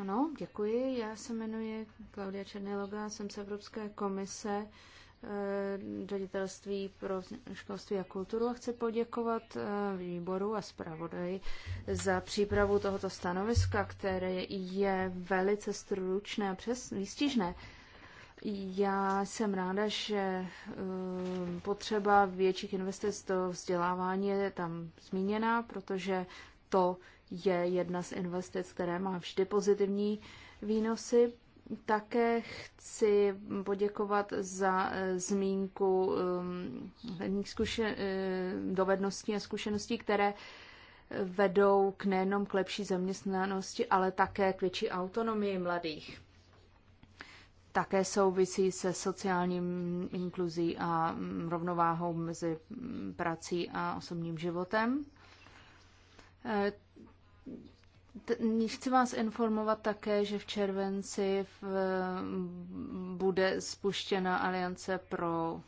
Ano, děkuji. Já se jmenuji Klaudia Černiloga, jsem z Evropské komise eh, ředitelství pro školství a kulturu a chci poděkovat eh, výboru a zpravodaji za přípravu tohoto stanoviska, které je velice stručné a přes výstižné. Já jsem ráda, že um, potřeba větších investic do vzdělávání je tam zmíněna, protože to je jedna z investic, které má vždy pozitivní výnosy. Také chci poděkovat za eh, zmínku um, eh, dovedností a zkušeností, které vedou k nejenom k lepší zaměstnanosti, ale také k větší autonomii mladých také souvisí se sociální inkluzí a rovnováhou mezi prací a osobním životem. E, chci vás informovat také, že v červenci v, bude spuštěna Aliance pro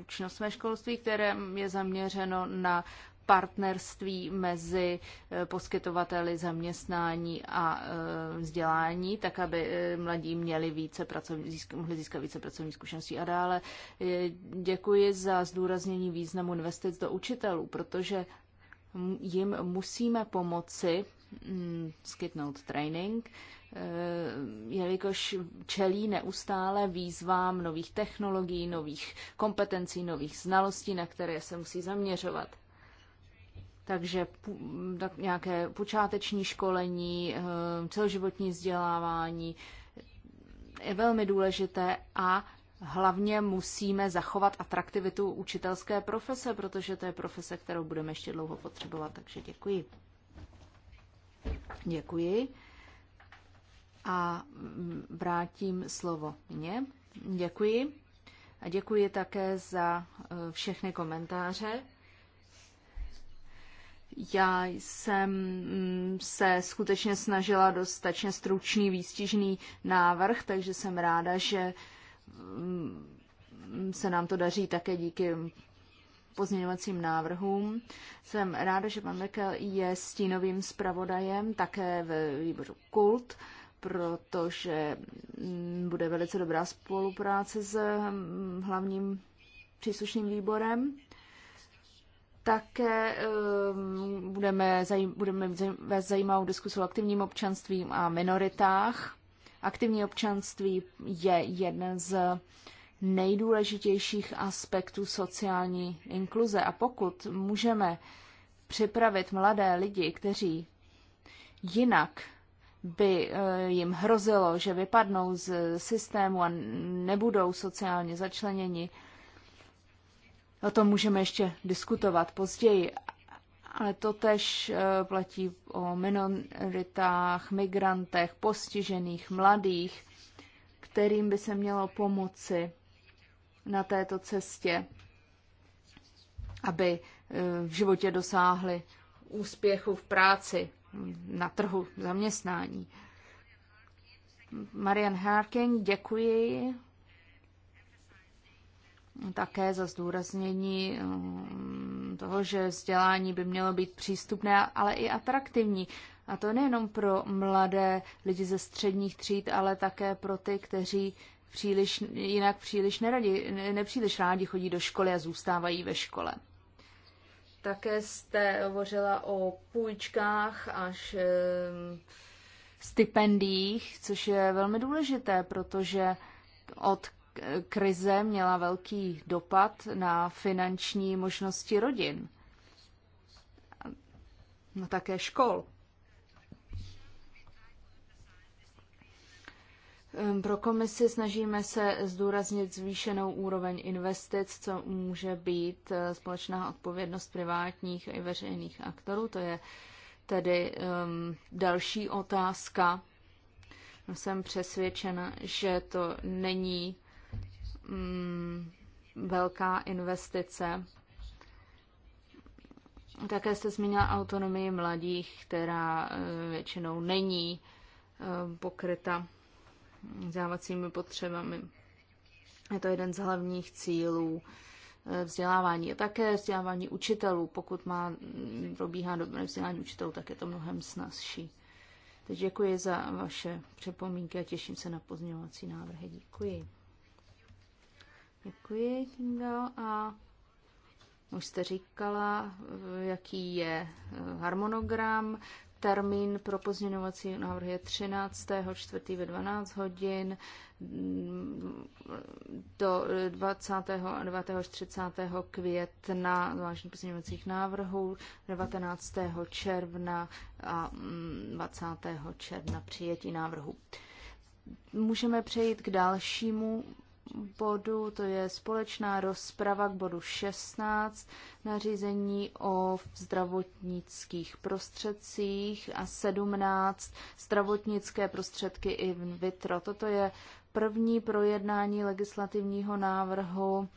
účinnost školství, které je zaměřeno na partnerství mezi eh, poskytovateli zaměstnání a eh, vzdělání, tak aby eh, mladí měli více pracovní, mohli získat více pracovních zkušeností. A dále děkuji za zdůraznění významu investic do učitelů, protože jim musíme pomoci mm, skytnout training, jelikož čelí neustále výzvám nových technologií, nových kompetencí, nových znalostí, na které se musí zaměřovat. Takže tak nějaké počáteční školení, eh, celoživotní vzdělávání je velmi důležité a hlavně musíme zachovat atraktivitu učitelské profese, protože to je profese, kterou budeme ještě dlouho potřebovat. Takže děkuji. Děkuji. A mm, vrátím slovo mně. Děkuji. A děkuji také za eh, všechny komentáře. Já jsem mm, se skutečně snažila dostatečně stručný, výstižný návrh, takže jsem ráda, že mm, se nám to daří také díky pozměňovacím návrhům. Jsem ráda, že pan Merkel je stínovým zpravodajem také ve výboru Kult, protože mm, bude velice dobrá spolupráce s hlavním příslušným výborem. Také ehm, budeme, budeme vést zajímavou diskusi o aktivním občanstvím a minoritách. Aktivní občanství je jeden z nejdůležitějších aspektů sociální inkluze. A pokud můžeme připravit mladé lidi, kteří jinak by eh, jim hrozilo, že vypadnou z systému a nebudou sociálně začleněni, O tom můžeme ještě diskutovat později, ale to tež eh, platí o minoritách, migrantech, postižených, mladých, kterým by se mělo pomoci na této cestě, aby eh, v životě dosáhli úspěchu v práci, na trhu zaměstnání. Marian Harking, děkuji také za zdůraznění mm, toho, že vzdělání by mělo být přístupné, ale i atraktivní. A to nejenom pro mladé lidi ze středních tříd, ale také pro ty, kteří příliš, jinak příliš neradi, nepříliš rádi chodí do školy a zůstávají ve škole. Také jste hovořila o půjčkách až eh, stipendiích, což je velmi důležité, protože od krize měla velký dopad na finanční možnosti rodin, no také škol. Ehm, pro komisi snažíme se zdůraznit zvýšenou úroveň investic, co může být eh, společná odpovědnost privátních i veřejných aktorů. To je tedy um, další otázka. Jsem přesvědčena, že to není mm, velká investice. Také jste zmínila autonomii mladých, která e, většinou není e, pokryta vzdělávacími potřebami. Je to jeden z hlavních cílů e, vzdělávání. A také vzdělávání učitelů. Pokud má, mm, probíhá dobré vzdělání učitelů, tak je to mnohem snazší. Takže děkuji za vaše připomínky a těším se na pozměňovací návrhy. Děkuji. Děkuji, Kinga. A už jste říkala, jaký je eh, harmonogram. Termín pro pozměňovací návrh je 13. čtvrtý ve 12 hodin mm, do 20. a 30. května zvláštní pozměňovacích návrhů, 19. června a 20. Mm, června přijetí návrhu. Můžeme přejít k dalšímu bodu, to je společná rozprava k bodu 16, nařízení o zdravotnických prostředcích a 17 zdravotnické prostředky i in vitro. Toto je první projednání legislativního návrhu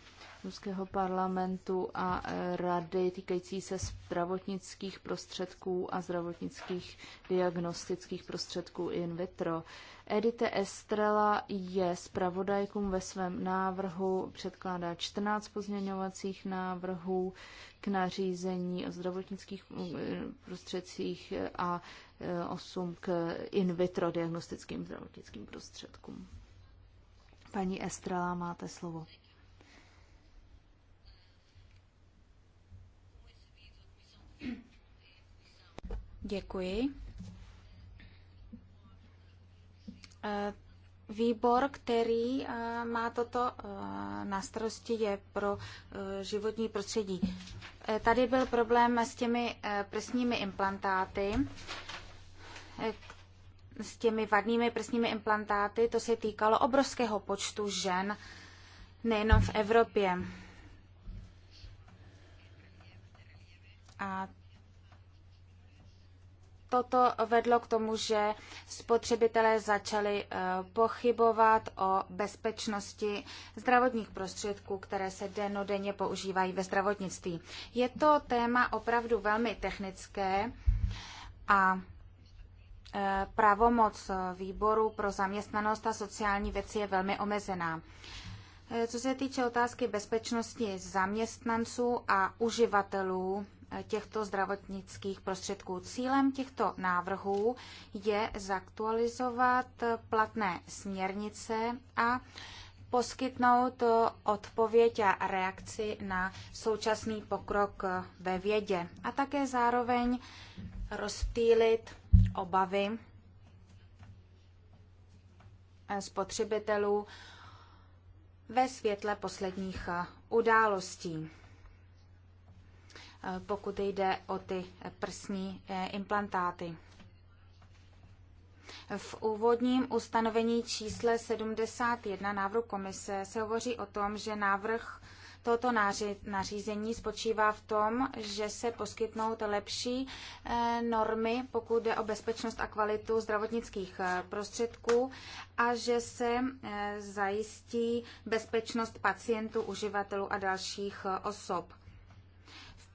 ruského parlamentu a e, rady týkající se zdravotnických prostředků a zdravotnických diagnostických prostředků in vitro. Edite Estrela je zpravodajkům ve svém návrhu, předkládá 14 pozměňovacích návrhů k nařízení o zdravotnických e, prostředcích a 8 e, k in vitro diagnostickým zdravotnickým prostředkům. Paní Estrela, máte slovo. Děkuji. Eh, výbor, který eh, má toto eh, na starosti, je pro životní prostředí. Tady byl problém s těmi prsními implantáty, s těmi vadnými prsními implantáty. To se týkalo obrovského počtu žen, nejenom v Evropě. A toto vedlo k tomu, že spotřebitelé začali eh, pochybovat o bezpečnosti zdravotních prostředků, které se denodenně používají ve zdravotnictví. Je to téma opravdu velmi technické a eh, pravomoc výboru pro zaměstnanost a sociální věci je velmi omezená. Eh, co se týče otázky bezpečnosti zaměstnanců a uživatelů těchto zdravotnických prostředků. Cílem těchto návrhů je zaktualizovat platné směrnice a poskytnout odpověď a reakci na současný pokrok ve vědě a také zároveň rozptýlit obavy spotřebitelů ve světle posledních událostí pokud jde o ty prsní eh, implantáty. V úvodním ustanovení čísle 71 návrhu komise se hovoří o tom, že návrh tohoto nařízení spočívá v tom, že se poskytnou lepší eh, normy, pokud jde o bezpečnost a kvalitu zdravotnických eh, prostředků a že se zajistí bezpečnost pacientů, uživatelů a dalších osob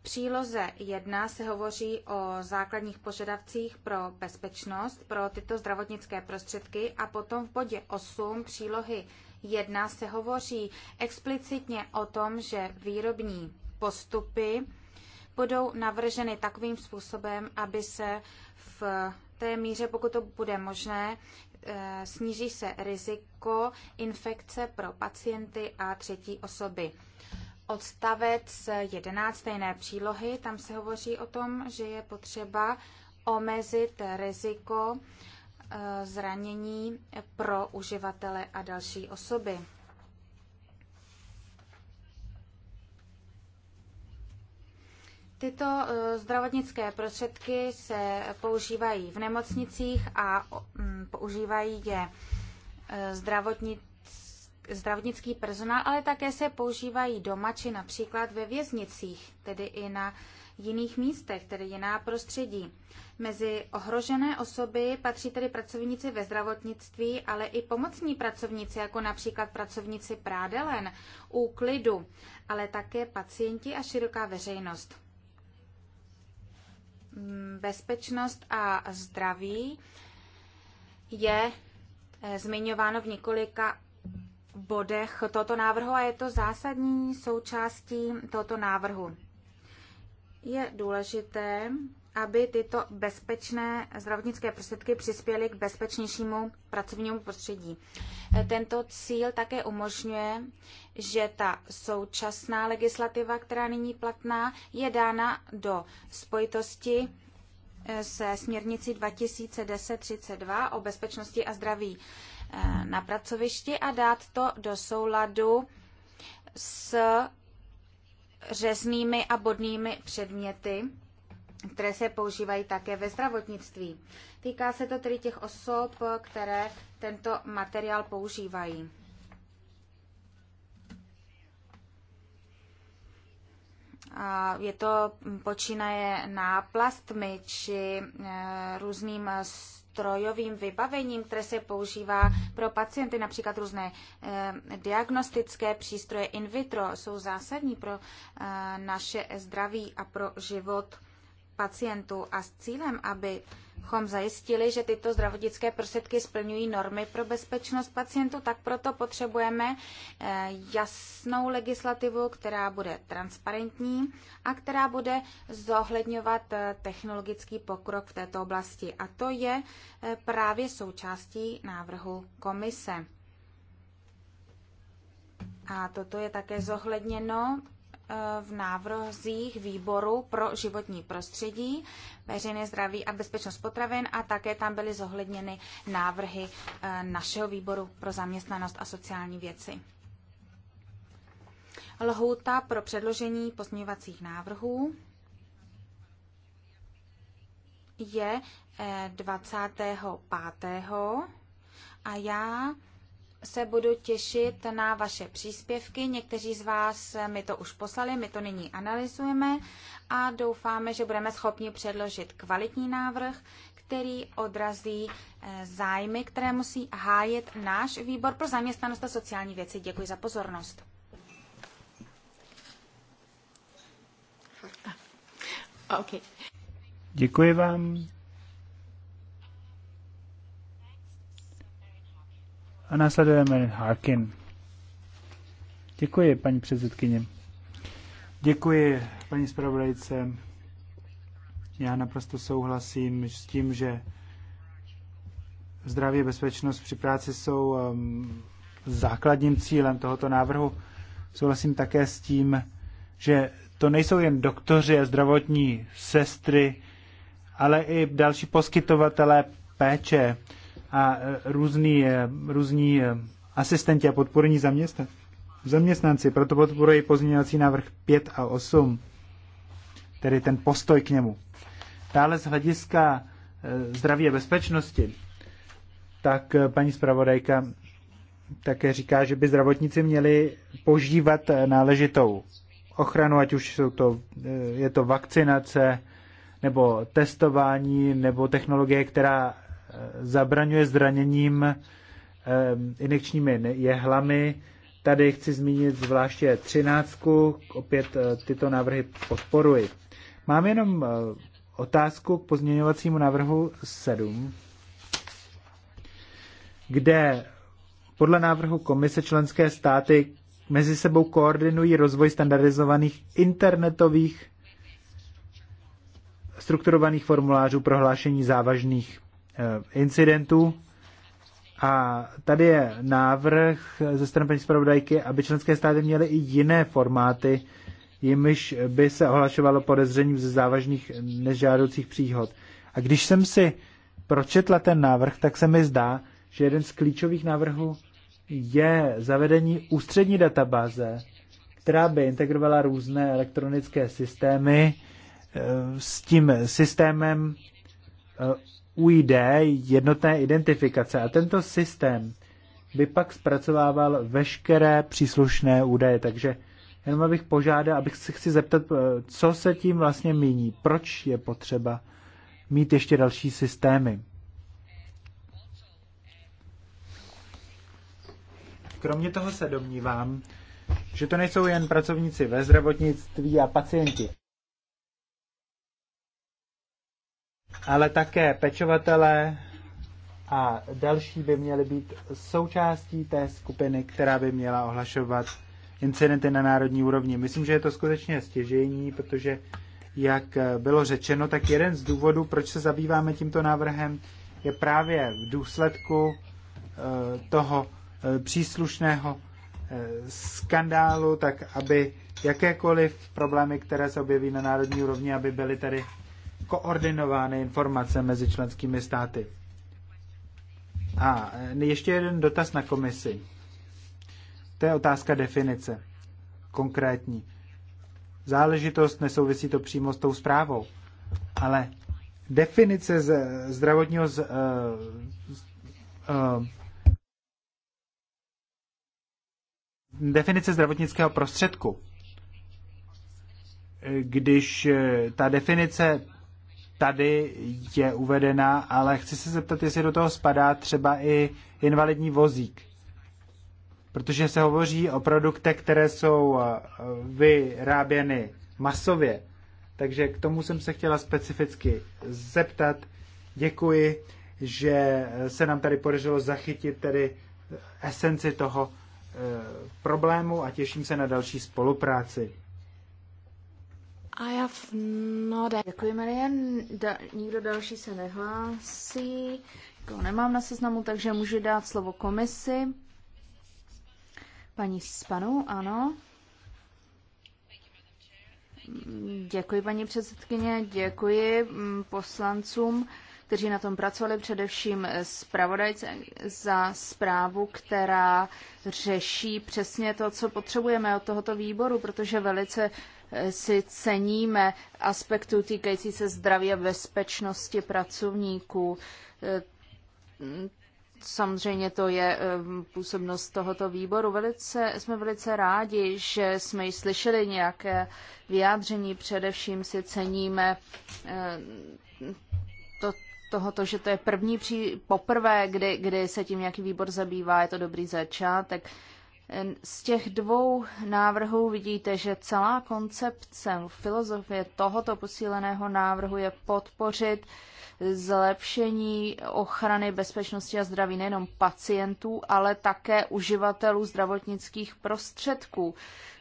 příloze 1 se hovoří o základních požadavcích pro bezpečnost pro tyto zdravotnické prostředky a potom v bodě 8 přílohy 1 se hovoří explicitně o tom, že výrobní postupy budou navrženy takovým způsobem, aby se v té míře, pokud to bude možné, eh, sníží se riziko infekce pro pacienty a třetí osoby odstavec 11 stejné přílohy. Tam se hovoří o tom, že je potřeba omezit riziko eh, zranění pro uživatele a další osoby. Tyto eh, zdravotnické prostředky se používají v nemocnicích a mm, používají je eh, zdravotní, zdravotnický personál, ale také se používají doma či například ve věznicích, tedy i na jiných místech, tedy jiná prostředí. Mezi ohrožené osoby patří tedy pracovníci ve zdravotnictví, ale i pomocní pracovníci, jako například pracovníci prádelen, úklidu, ale také pacienti a široká veřejnost. Mm, bezpečnost a zdraví je eh, zmiňováno v několika bodech tohoto návrhu a je to zásadní součástí tohoto návrhu. Je důležité, aby tyto bezpečné zdravotnické prostředky přispěly k bezpečnějšímu pracovnímu prostředí. Tento cíl také umožňuje, že ta současná legislativa, která nyní platná, je dána do spojitosti eh, se směrnicí 2010-32 o bezpečnosti a zdraví Eh, na pracovišti a dát to do souladu s řeznými a bodnými předměty, které se používají také ve zdravotnictví. Týká se to tedy těch osob, které tento materiál používají. Je to počínaje náplastmi či eh, různým strojovým vybavením, které se používá pro pacienty, například různé eh, diagnostické přístroje in vitro, jsou zásadní pro eh, naše zdraví a pro život pacientů a s cílem, abychom zajistili, že tyto zdravotnické prostředky splňují normy pro bezpečnost pacientů, tak proto potřebujeme eh, jasnou legislativu, která bude transparentní a která bude zohledňovat eh, technologický pokrok v této oblasti. A to je eh, právě součástí návrhu komise. A toto je také zohledněno v návrzích výboru pro životní prostředí, veřejné zdraví a bezpečnost potravin a také tam byly zohledněny návrhy eh, našeho výboru pro zaměstnanost a sociální věci. Lhůta pro předložení pozměňovacích návrhů je 25. Eh, a já se budu těšit na vaše příspěvky. Někteří z vás mi to už poslali, my to nyní analyzujeme a doufáme, že budeme schopni předložit kvalitní návrh, který odrazí eh, zájmy, které musí hájet náš výbor pro zaměstnanost a sociální věci. Děkuji za pozornost. Okay. Děkuji vám. a následujeme Harkin. Děkuji, paní předsedkyně. Děkuji, paní zpravodajce. Já naprosto souhlasím s tím, že zdraví a bezpečnost při práci jsou um, základním cílem tohoto návrhu. Souhlasím také s tím, že to nejsou jen doktoři a zdravotní sestry, ale i další poskytovatelé péče, a e, e, různí, různí e, asistenti a podporní zaměstnanci. Proto podporuji pozměňovací návrh 5 a 8, tedy ten postoj k němu. Dále z hlediska zdraví a bezpečnosti, tak paní zpravodajka také říká, že by zdravotníci měli požívat náležitou ochranu, ať už jsou to, je to vakcinace, nebo testování, nebo technologie, která zabraňuje zraněním eh, injekčními jehlami. Tady chci zmínit zvláště třináctku, opět eh, tyto návrhy podporuji. Mám jenom eh, otázku k pozměňovacímu návrhu 7, kde podle návrhu komise členské státy mezi sebou koordinují rozvoj standardizovaných internetových strukturovaných formulářů prohlášení závažných Eh, incidentů. A tady je návrh ze strany paní zpravodajky, aby členské státy měly i jiné formáty, jimiž by se ohlašovalo podezření ze závažných nežádoucích příhod. A když jsem si pročetla ten návrh, tak se mi zdá, že jeden z klíčových návrhů je zavedení ústřední databáze, která by integrovala různé elektronické systémy eh, s tím systémem eh, UID jednotné identifikace a tento systém by pak zpracovával veškeré příslušné údaje, takže jenom abych požádal, abych se chci zeptat, eh, co se tím vlastně míní, proč je potřeba mít ještě další systémy. Kromě toho se domnívám, že to nejsou jen pracovníci ve zdravotnictví a pacienti. ale také pečovatelé a další by měly být součástí té skupiny, která by měla ohlašovat incidenty na národní úrovni. Myslím, že je to skutečně stěžení, protože, jak bylo řečeno, tak jeden z důvodů, proč se zabýváme tímto návrhem, je právě v důsledku eh, toho eh, příslušného eh, skandálu, tak aby jakékoliv problémy, které se objeví na národní úrovni, aby byly tedy koordinované informace mezi členskými státy. A e, ještě jeden dotaz na komisi. To je otázka definice. Konkrétní. Záležitost nesouvisí to přímo s tou zprávou, ale definice z zdravotního z, uh, uh, definice zdravotnického prostředku. Když ta definice tady je uvedena, ale chci se zeptat, jestli do toho spadá třeba i invalidní vozík. Protože se hovoří o produktech, které jsou eh, vyráběny masově. Takže k tomu jsem se chtěla specificky zeptat. Děkuji, že eh, se nám tady podařilo zachytit tedy esenci toho eh, problému a těším se na další spolupráci. I have Děkuji, Marian. Da, nikdo další se nehlásí. Koho nemám na seznamu, takže můžu dát slovo komisi. Paní Spanu, ano. Děkuji, paní předsedkyně, děkuji mm, poslancům, kteří na tom pracovali, především zpravodajce za zprávu, která řeší přesně to, co potřebujeme od tohoto výboru, protože velice si ceníme aspektů týkající se zdraví a bezpečnosti pracovníků. Samozřejmě to je eh, působnost tohoto výboru. Velice, jsme velice rádi, že jsme ji slyšeli nějaké vyjádření. Především si ceníme eh, to, tohoto, že to je první pří, poprvé, kdy, kdy se tím nějaký výbor zabývá, je to dobrý začátek. Z těch dvou návrhů vidíte, že celá koncepce, filozofie tohoto posíleného návrhu je podpořit zlepšení ochrany bezpečnosti a zdraví nejenom pacientů, ale také uživatelů zdravotnických prostředků.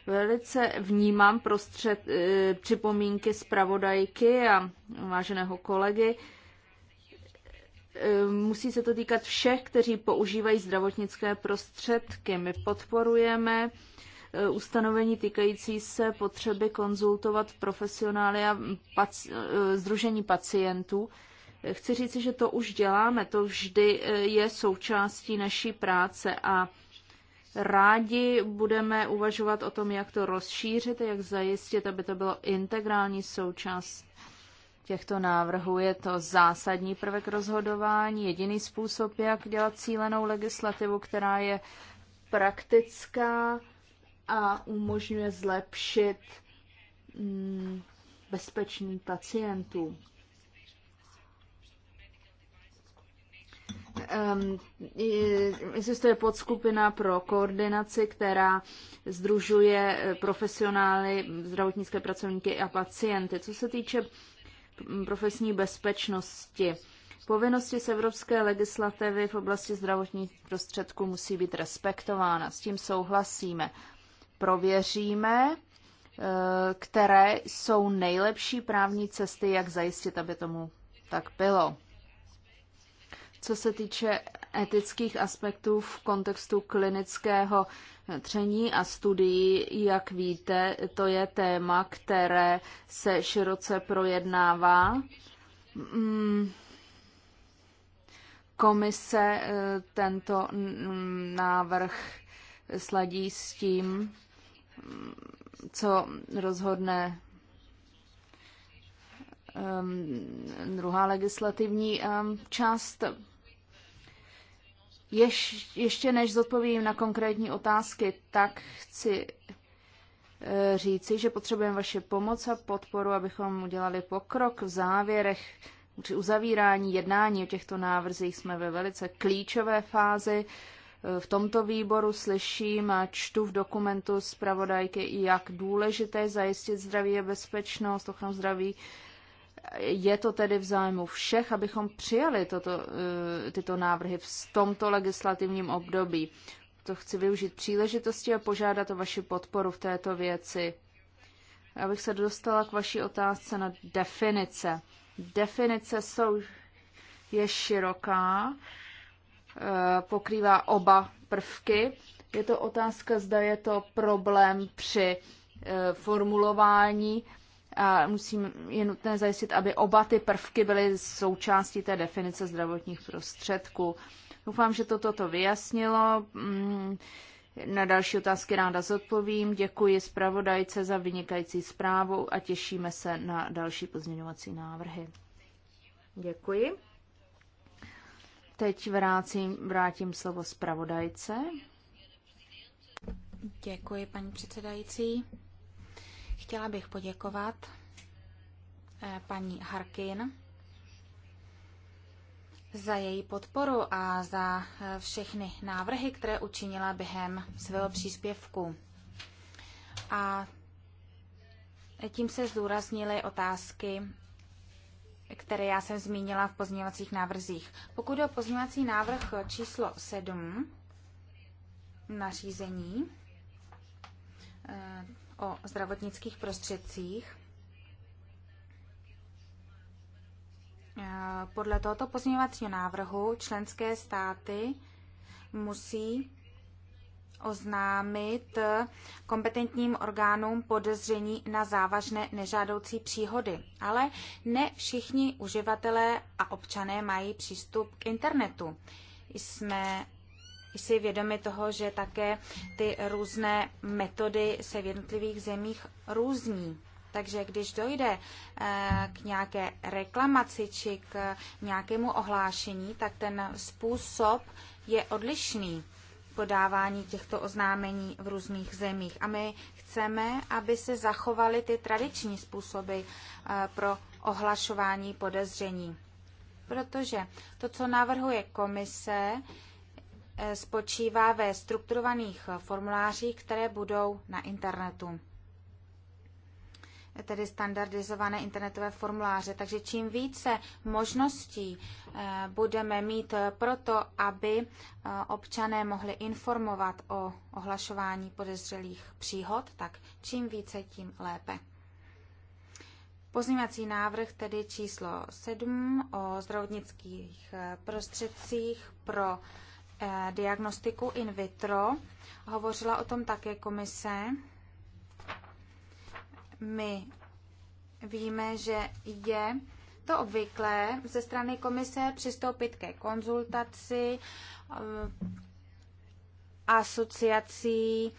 Velice vnímám prostřed, eh, připomínky zpravodajky a váženého kolegy, Eh, musí se to týkat všech, kteří používají zdravotnické prostředky. My podporujeme eh, ustanovení týkající se potřeby konzultovat profesionály a paci- združení eh, pacientů. Chci říci, že to už děláme, to vždy je součástí naší práce a rádi budeme uvažovat o tom, jak to rozšířit, jak zajistit, aby to bylo integrální součást těchto návrhů. Je to zásadní prvek rozhodování, jediný způsob, jak dělat cílenou legislativu, která je praktická a umožňuje zlepšit mm, bezpečný pacientů. Um, existuje podskupina pro koordinaci, která združuje eh, profesionály, zdravotnické pracovníky a pacienty. Co se týče profesní bezpečnosti. Povinnosti z evropské legislativy v oblasti zdravotních prostředků musí být respektována. S tím souhlasíme. Prověříme, eh, které jsou nejlepší právní cesty, jak zajistit, aby tomu tak bylo. Co se týče etických aspektů v kontextu klinického tření a studií. Jak víte, to je téma, které se široce projednává. Mm, komise eh, tento mm, návrh sladí s tím, mm, co rozhodne ehm, druhá legislativní ehm, část Jež, ještě než zodpovím na konkrétní otázky, tak chci e, říci, že potřebujeme vaši pomoc a podporu, abychom udělali pokrok v závěrech při uzavírání jednání o těchto návrzích. Jsme ve velice klíčové fázi. E, v tomto výboru slyším a čtu v dokumentu zpravodajky, jak důležité zajistit zdraví a bezpečnost, ochranu zdraví je to tedy v zájmu všech, abychom přijali toto, eh, tyto návrhy v tomto legislativním období. To chci využít příležitosti a požádat o vaši podporu v této věci. Abych se dostala k vaší otázce na definice. Definice jsou, je široká, eh, pokrývá oba prvky. Je to otázka, zda je to problém při eh, formulování a musím, je nutné zajistit, aby oba ty prvky byly součástí té definice zdravotních prostředků. Doufám, že toto to vyjasnilo. Mm, na další otázky ráda zodpovím. Děkuji zpravodajce za vynikající zprávu a těšíme se na další pozměňovací návrhy. Děkuji. Teď vrátím, vrátím slovo zpravodajce. Děkuji, paní předsedající. Chtěla bych poděkovat eh, paní Harkin za její podporu a za eh, všechny návrhy, které učinila během svého příspěvku. A tím se zdůraznily otázky, které já jsem zmínila v pozměňovacích návrzích. Pokud je o pozměňovací návrh číslo 7 nařízení, eh, o zdravotnických prostředcích. Podle tohoto pozměňovacího návrhu členské státy musí oznámit kompetentním orgánům podezření na závažné nežádoucí příhody. Ale ne všichni uživatelé a občané mají přístup k internetu. Jsme si vědomi toho, že také ty různé metody se v jednotlivých zemích různí. Takže když dojde eh, k nějaké reklamaci či k nějakému ohlášení, tak ten způsob je odlišný podávání těchto oznámení v různých zemích. A my chceme, aby se zachovaly ty tradiční způsoby eh, pro ohlašování podezření. Protože to, co navrhuje komise, Eh, spočívá ve strukturovaných formulářích, které budou na internetu. Eh, tedy standardizované internetové formuláře. Takže čím více možností eh, budeme mít pro to, aby občané mohli informovat o ohlašování podezřelých příhod, tak čím více, tím lépe. Pozměňovací návrh tedy číslo 7 o zdravotnických prostředcích pro Eh, diagnostiku in vitro. Hovořila o tom také komise. My víme, že je to obvyklé ze strany komise přistoupit ke konzultaci eh, asociací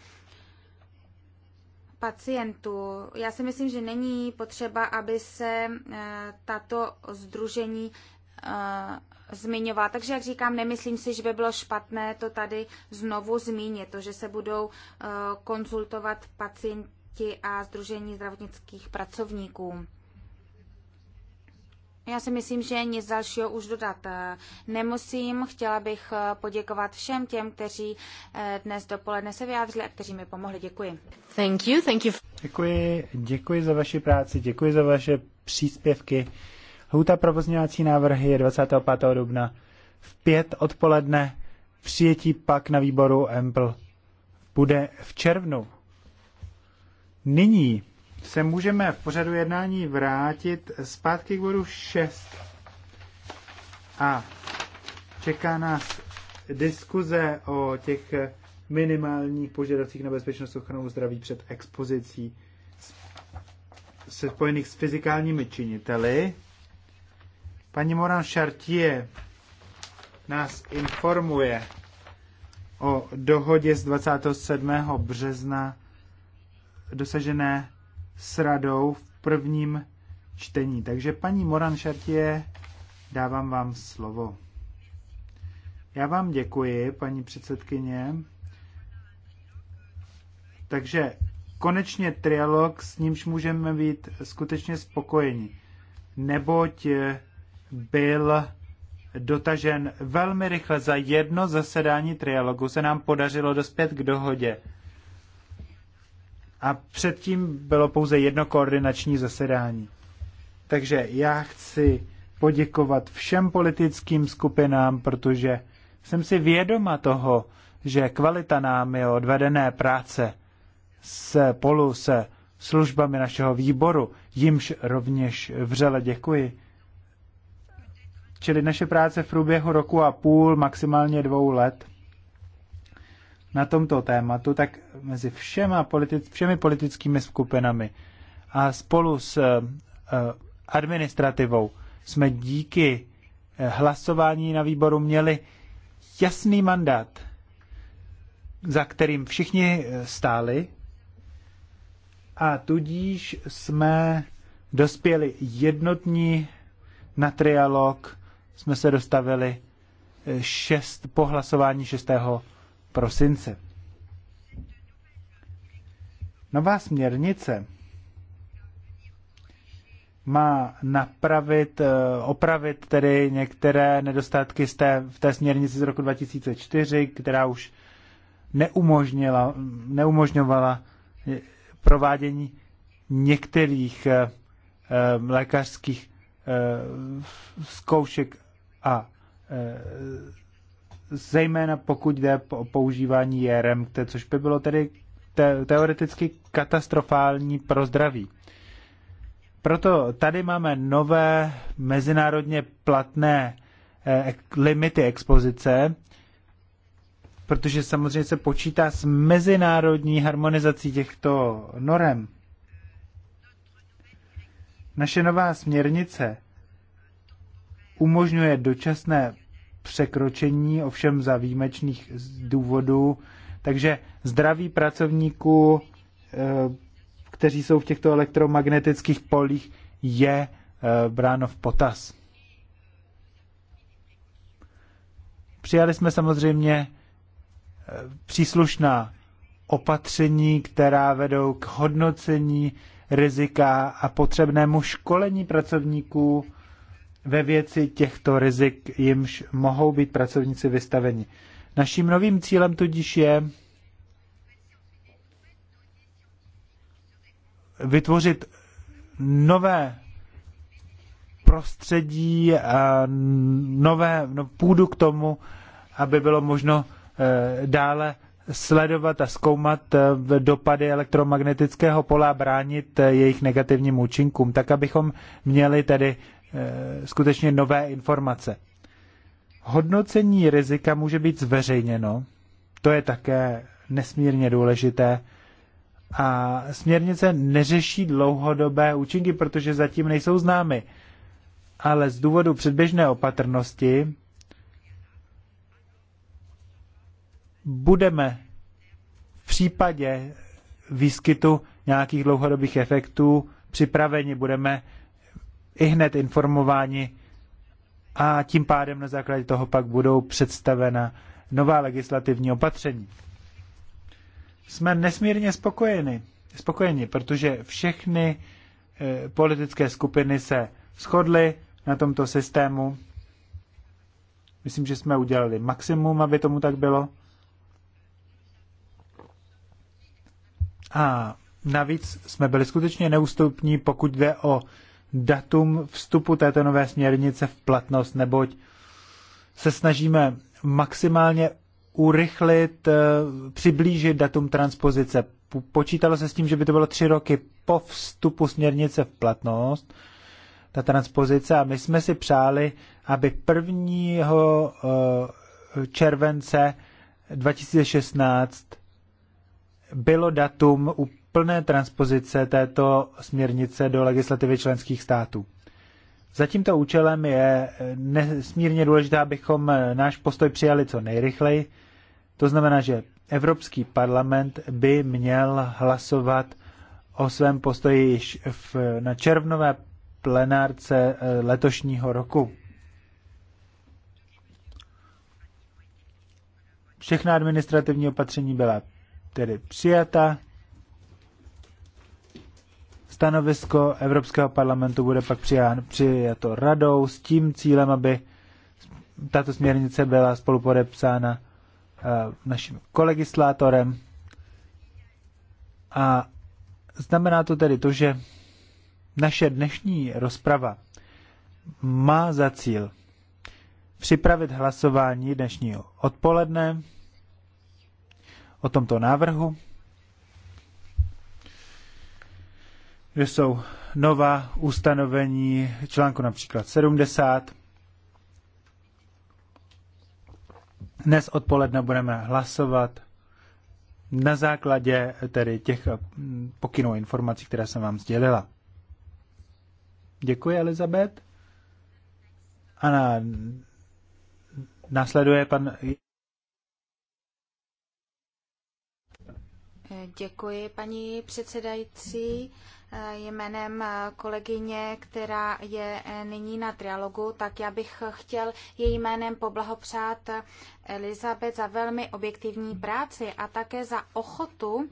pacientů. Já si myslím, že není potřeba, aby se eh, tato združení zmiňovala. Takže, jak říkám, nemyslím si, že by bylo špatné to tady znovu zmínit, to, že se budou eh, konzultovat pacienti a Združení zdravotnických pracovníků. Já si myslím, že nic dalšího už dodat eh, nemusím. Chtěla bych eh, poděkovat všem těm, kteří dnes dopoledne se vyjádřili a kteří mi pomohli. Děkuji. Thank you, thank you. Děkuji, děkuji za vaši práci, děkuji za vaše příspěvky. Lhůta pro pozměňovací návrhy je 25. dubna v pět odpoledne. Přijetí pak na výboru EMPL bude v červnu. Nyní se můžeme v pořadu jednání vrátit zpátky k bodu 6. A čeká nás diskuze o těch minimálních požadavcích na bezpečnost ochranu zdraví před expozicí se spojených s fyzikálními činiteli. Paní Moran Chartier nás informuje o dohodě z 27. března dosažené s radou v prvním čtení. Takže paní Moran Chartier, dávám vám slovo. Já vám děkuji, paní předsedkyně. Takže konečně trialog, s nímž můžeme být skutečně spokojeni. Neboť byl dotažen velmi rychle. Za jedno zasedání trialogu se nám podařilo dospět k dohodě. A předtím bylo pouze jedno koordinační zasedání. Takže já chci poděkovat všem politickým skupinám, protože jsem si vědoma toho, že kvalita námi odvedené práce polu se službami našeho výboru, jimž rovněž vřele děkuji, Čili naše práce v průběhu roku a půl, maximálně dvou let na tomto tématu, tak mezi všema politi- všemi politickými skupinami a spolu s uh, administrativou jsme díky eh, hlasování na výboru měli jasný mandát, za kterým všichni stáli a tudíž jsme dospěli jednotní na trialog jsme se dostavili eh, šest, po hlasování 6. prosince. Nová směrnice má napravit, eh, opravit tedy některé nedostatky z té, v té směrnici z roku 2004, která už neumožnila, neumožňovala eh, provádění některých lékařských zkoušek a e, zejména pokud jde o používání JRM, což by bylo tedy te- teoreticky katastrofální pro zdraví. Proto tady máme nové mezinárodně platné e, limity expozice, protože samozřejmě se počítá s mezinárodní harmonizací těchto norem. Naše nová směrnice umožňuje dočasné překročení, ovšem za výjimečných důvodů. Takže zdraví pracovníků, eh, kteří jsou v těchto elektromagnetických polích, je eh, bráno v potaz. Přijali jsme samozřejmě eh, příslušná opatření, která vedou k hodnocení rizika a potřebnému školení pracovníků ve věci těchto rizik, jimž mohou být pracovníci vystaveni. Naším novým cílem tudíž je vytvořit nové prostředí, a nové no, půdu k tomu, aby bylo možno eh, dále sledovat a zkoumat eh, dopady elektromagnetického pole a bránit eh, jejich negativním účinkům, tak abychom měli tedy Eh, skutečně nové informace. Hodnocení rizika může být zveřejněno, to je také nesmírně důležité. A směrnice neřeší dlouhodobé účinky, protože zatím nejsou známy. Ale z důvodu předběžné opatrnosti budeme v případě výskytu nějakých dlouhodobých efektů připraveni, budeme i hned informováni a tím pádem na základě toho pak budou představena nová legislativní opatření. Jsme nesmírně spokojeni, spokojeni protože všechny e, politické skupiny se shodly na tomto systému. Myslím, že jsme udělali maximum, aby tomu tak bylo. A navíc jsme byli skutečně neústupní, pokud jde o datum vstupu této nové směrnice v platnost, neboť se snažíme maximálně urychlit, eh, přiblížit datum transpozice. Počítalo se s tím, že by to bylo tři roky po vstupu směrnice v platnost, ta transpozice, a my jsme si přáli, aby 1. Eh, července 2016 bylo datum plné transpozice této směrnice do legislativy členských států. Za tímto účelem je eh, nesmírně důležité, abychom eh, náš postoj přijali co nejrychleji. To znamená, že Evropský parlament by měl hlasovat o svém postoji již v, na červnové plenárce eh, letošního roku. Všechna administrativní opatření byla tedy přijata, Stanovisko Evropského parlamentu bude pak přijato radou s tím cílem, aby tato směrnice byla spolupodepsána eh, naším kolegislátorem. A znamená to tedy to, že naše dnešní rozprava má za cíl připravit hlasování dnešního odpoledne o tomto návrhu že jsou nová ustanovení článku například 70. Dnes odpoledne budeme hlasovat na základě tedy těch eh, pokynů a informací, které jsem vám sdělila. Děkuji, Elizabet. A na, následuje pan... Děkuji, paní předsedající jménem eh, kolegyně, která je eh, nyní na trialogu, tak já bych chtěl její jménem poblahopřát eh, Elizabeth za velmi objektivní práci a také za ochotu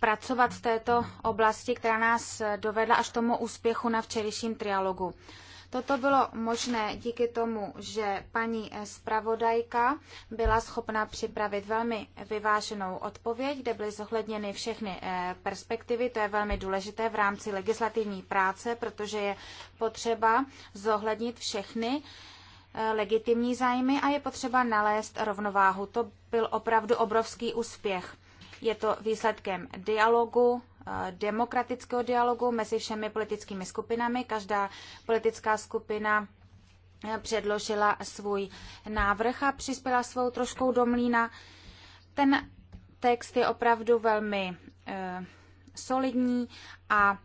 pracovat v této oblasti, která nás dovedla až tomu úspěchu na včerejším trialogu. Toto bylo možné díky tomu, že paní zpravodajka byla schopna připravit velmi vyváženou odpověď, kde byly zohledněny všechny eh, perspektivy. To je velmi důležité v rámci legislativní práce, protože je potřeba zohlednit všechny eh, legitimní zájmy a je potřeba nalézt rovnováhu. To byl opravdu obrovský úspěch. Je to výsledkem dialogu, Eh, demokratického dialogu mezi všemi politickými skupinami. Každá politická skupina eh, předložila svůj návrh a přispěla svou troškou do mlína. Ten text je opravdu velmi eh, solidní a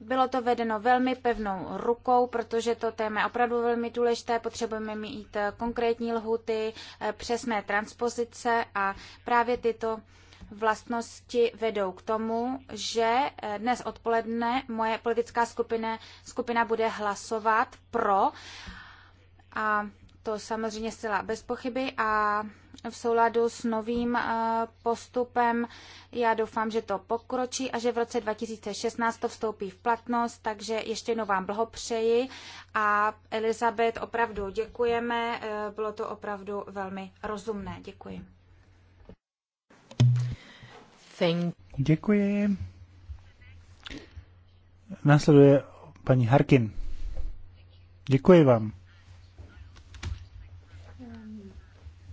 bylo to vedeno velmi pevnou rukou, protože to téma je opravdu velmi důležité. Potřebujeme mít eh, konkrétní lhuty, přesné transpozice a právě tyto vlastnosti vedou k tomu, že eh, dnes odpoledne moje politická skupina, skupina bude hlasovat pro a to samozřejmě zcela bez pochyby a v souladu s novým eh, postupem já doufám, že to pokročí a že v roce 2016 to vstoupí v platnost, takže ještě jednou vám blahopřeji a Elizabet opravdu děkujeme, eh, bylo to opravdu velmi rozumné. Děkuji. Thank Děkuji. Následuje paní Harkin. Děkuji vám.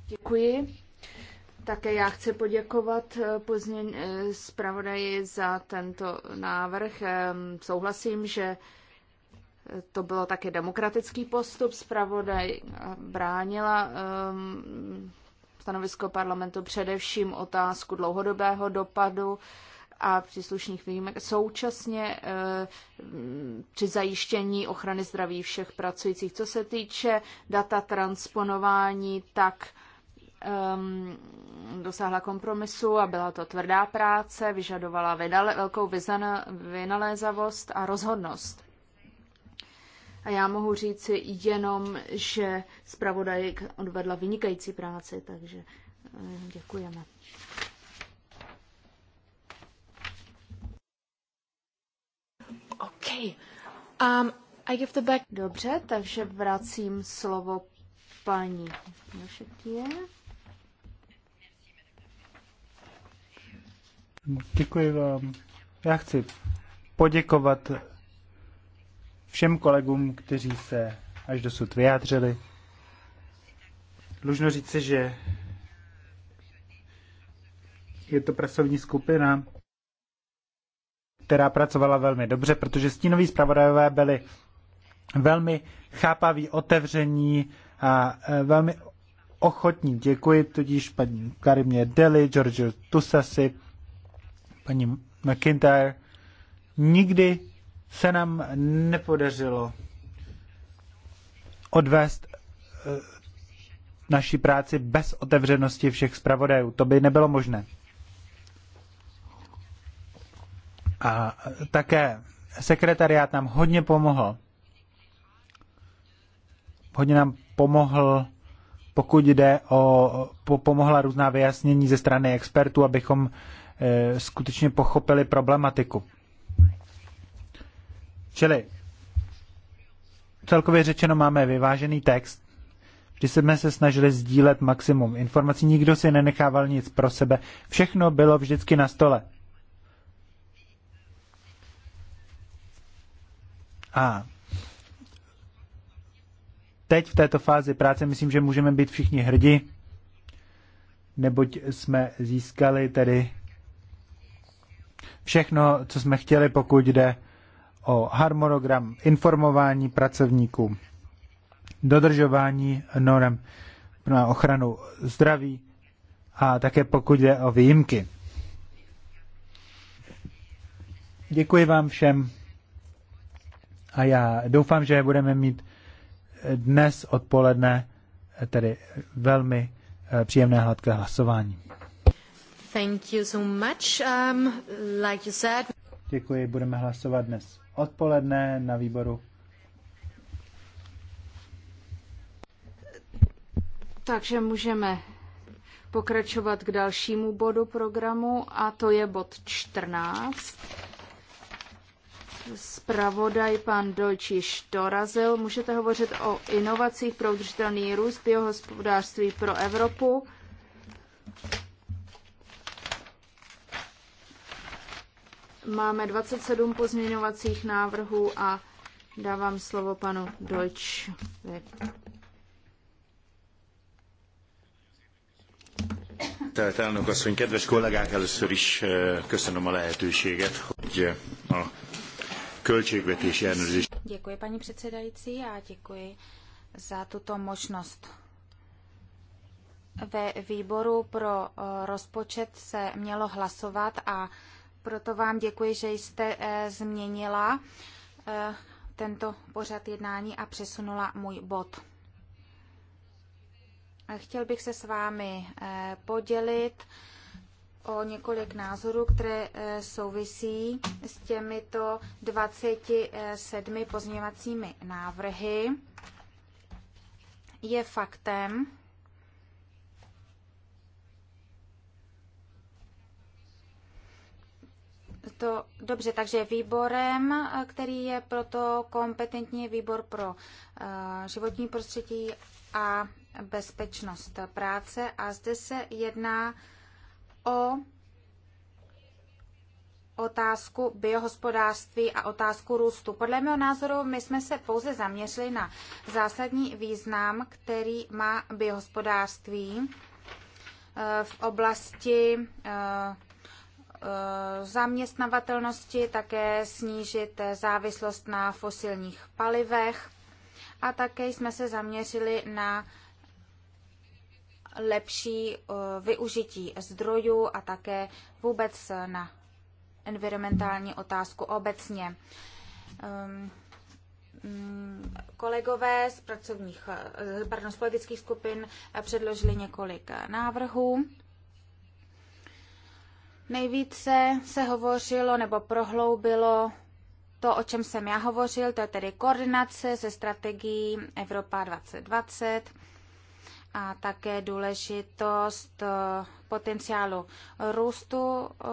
Děkuji. Také já chci poděkovat eh, pozděň eh, zpravodaji za tento návrh. Ehm, souhlasím, že eh, to bylo také demokratický postup. Zpravodaj bránila ehm, stanovisko parlamentu především otázku dlouhodobého dopadu a příslušných výjimek, současně eh, při zajištění ochrany zdraví všech pracujících. Co se týče data transponování, tak um, dosáhla kompromisu a byla to tvrdá práce, vyžadovala velkou vynalézavost a rozhodnost. A já mohu říci jenom, že zpravodajek odvedla vynikající práci, takže eh, děkujeme. Okay. Um, I give the back... Dobře, takže vracím slovo paní Nošetě. Děkuji vám. Já chci poděkovat všem kolegům, kteří se až dosud vyjádřili. Dlužno říci, že je to pracovní skupina, která pracovala velmi dobře, protože stínoví zpravodajové byli velmi chápaví, otevření a e, velmi ochotní. Děkuji tudíž paní Karimě Deli, Giorgio Tusasi, paní McIntyre. Nikdy se nám nepodařilo odvést eh, naší práci bez otevřenosti všech zpravodajů. To by nebylo možné. A také sekretariát nám hodně pomohl. Hodně nám pomohl, pokud jde o, po, pomohla různá vyjasnění ze strany expertů, abychom eh, skutečně pochopili problematiku. Čili celkově řečeno máme vyvážený text, vždy jsme se snažili sdílet maximum informací, nikdo si nenechával nic pro sebe, všechno bylo vždycky na stole. A teď v této fázi práce myslím, že můžeme být všichni hrdí, neboť jsme získali tedy všechno, co jsme chtěli, pokud jde o harmonogram informování pracovníků, dodržování norm na ochranu zdraví a také pokud jde o výjimky. Děkuji vám všem a já doufám, že budeme mít dnes odpoledne tedy velmi eh, příjemné hladké hlasování. Thank you so much. Um, like you said... Děkuji, budeme hlasovat dnes odpoledne na výboru. Takže můžeme pokračovat k dalšímu bodu programu a to je bod 14. Spravodaj pan Dolčiš dorazil. Můžete hovořit o inovacích pro udržitelný růst, biohospodářství pro Evropu. Máme 27 pozměňovacích návrhů a dávám slovo panu Deutsch. Tisztelt elnök asszony, kedves kollégák, először is eh, köszönöm a lehetőséget, hogy eh, a költségvetési ellenőrzés. Děkuji, paní předsedající, a děkuji za tuto možnost. Ve výboru pro eh, rozpočet se mělo hlasovat a proto vám děkuji, že jste eh, změnila eh, tento pořad jednání a přesunula můj bod. Chtěl bych se s vámi eh, podělit o několik názorů, které souvisí s těmito 27 pozměňovacími návrhy. Je faktem, To dobře, takže výborem, který je proto kompetentní, výbor pro uh, životní prostředí a bezpečnost práce. A zde se jedná o otázku biohospodářství a otázku růstu. Podle mého názoru my jsme se pouze zaměřili na zásadní význam, který má biohospodářství eh, v oblasti eh, Eh, zaměstnavatelnosti, také snížit závislost na fosilních palivech a také jsme se zaměřili na lepší eh, využití zdrojů a také vůbec na environmentální otázku obecně. Ehm, mm, kolegové z, pracovních, eh, pardon, z politických skupin předložili několik návrhů. Nejvíce se hovořilo nebo prohloubilo to, o čem jsem já hovořil, to je tedy koordinace se strategií Evropa 2020 a také důležitost eh, potenciálu růstu eh,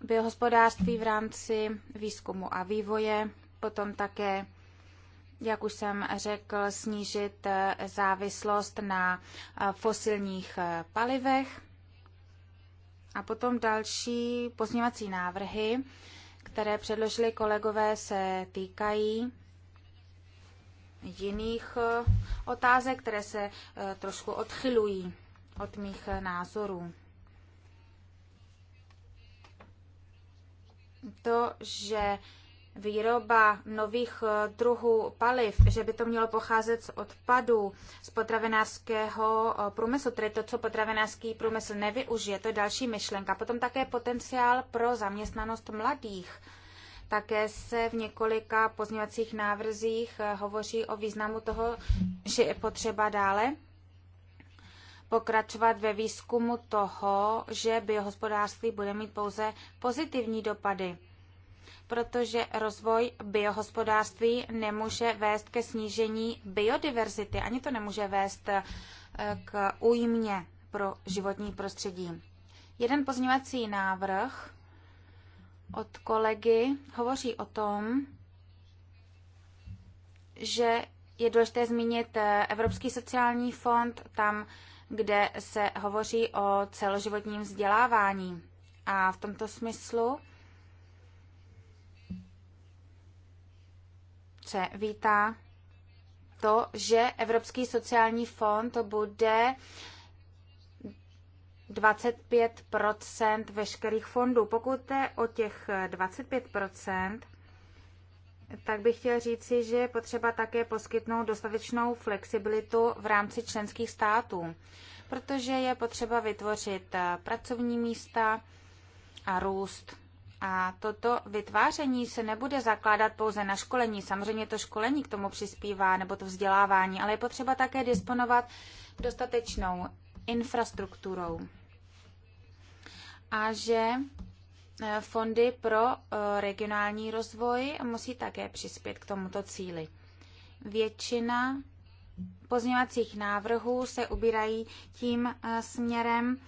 biohospodářství v rámci výzkumu a vývoje, potom také, jak už jsem řekl, snížit eh, závislost na fosilních palivech a potom další pozměňovací návrhy, které předložili kolegové, se týkají jiných eh, otázek, které se eh, trošku odchylují od mých názorů. To, že výroba nových eh, druhů paliv, že by to mělo pocházet z odpadů z potravinářského eh, průmyslu, tedy to, co potravinářský průmysl nevyužije, to je další myšlenka. Potom také potenciál pro zaměstnanost mladých. Také se v několika pozměňovacích návrzích eh, hovoří o významu toho, že je potřeba dále pokračovat ve výzkumu toho, že biohospodářství bude mít pouze pozitivní dopady protože rozvoj biohospodářství nemůže vést ke snížení biodiverzity, ani to nemůže vést eh, k újmě pro životní prostředí. Jeden pozměňovací návrh od kolegy hovoří o tom, že je důležité zmínit eh, Evropský sociální fond tam, kde se hovoří o celoživotním vzdělávání. A v tomto smyslu frakce vítá to, že Evropský sociální fond bude 25 veškerých fondů. Pokud je o těch 25 tak bych chtěl říci, že je potřeba také poskytnout dostatečnou flexibilitu v rámci členských států, protože je potřeba vytvořit pracovní místa a růst. A toto vytváření se nebude zakládat pouze na školení. Samozřejmě to školení k tomu přispívá, nebo to vzdělávání, ale je potřeba také disponovat dostatečnou infrastrukturou. A že e, fondy pro e, regionální rozvoj musí také přispět k tomuto cíli. Většina pozměňovacích návrhů se ubírají tím e, směrem,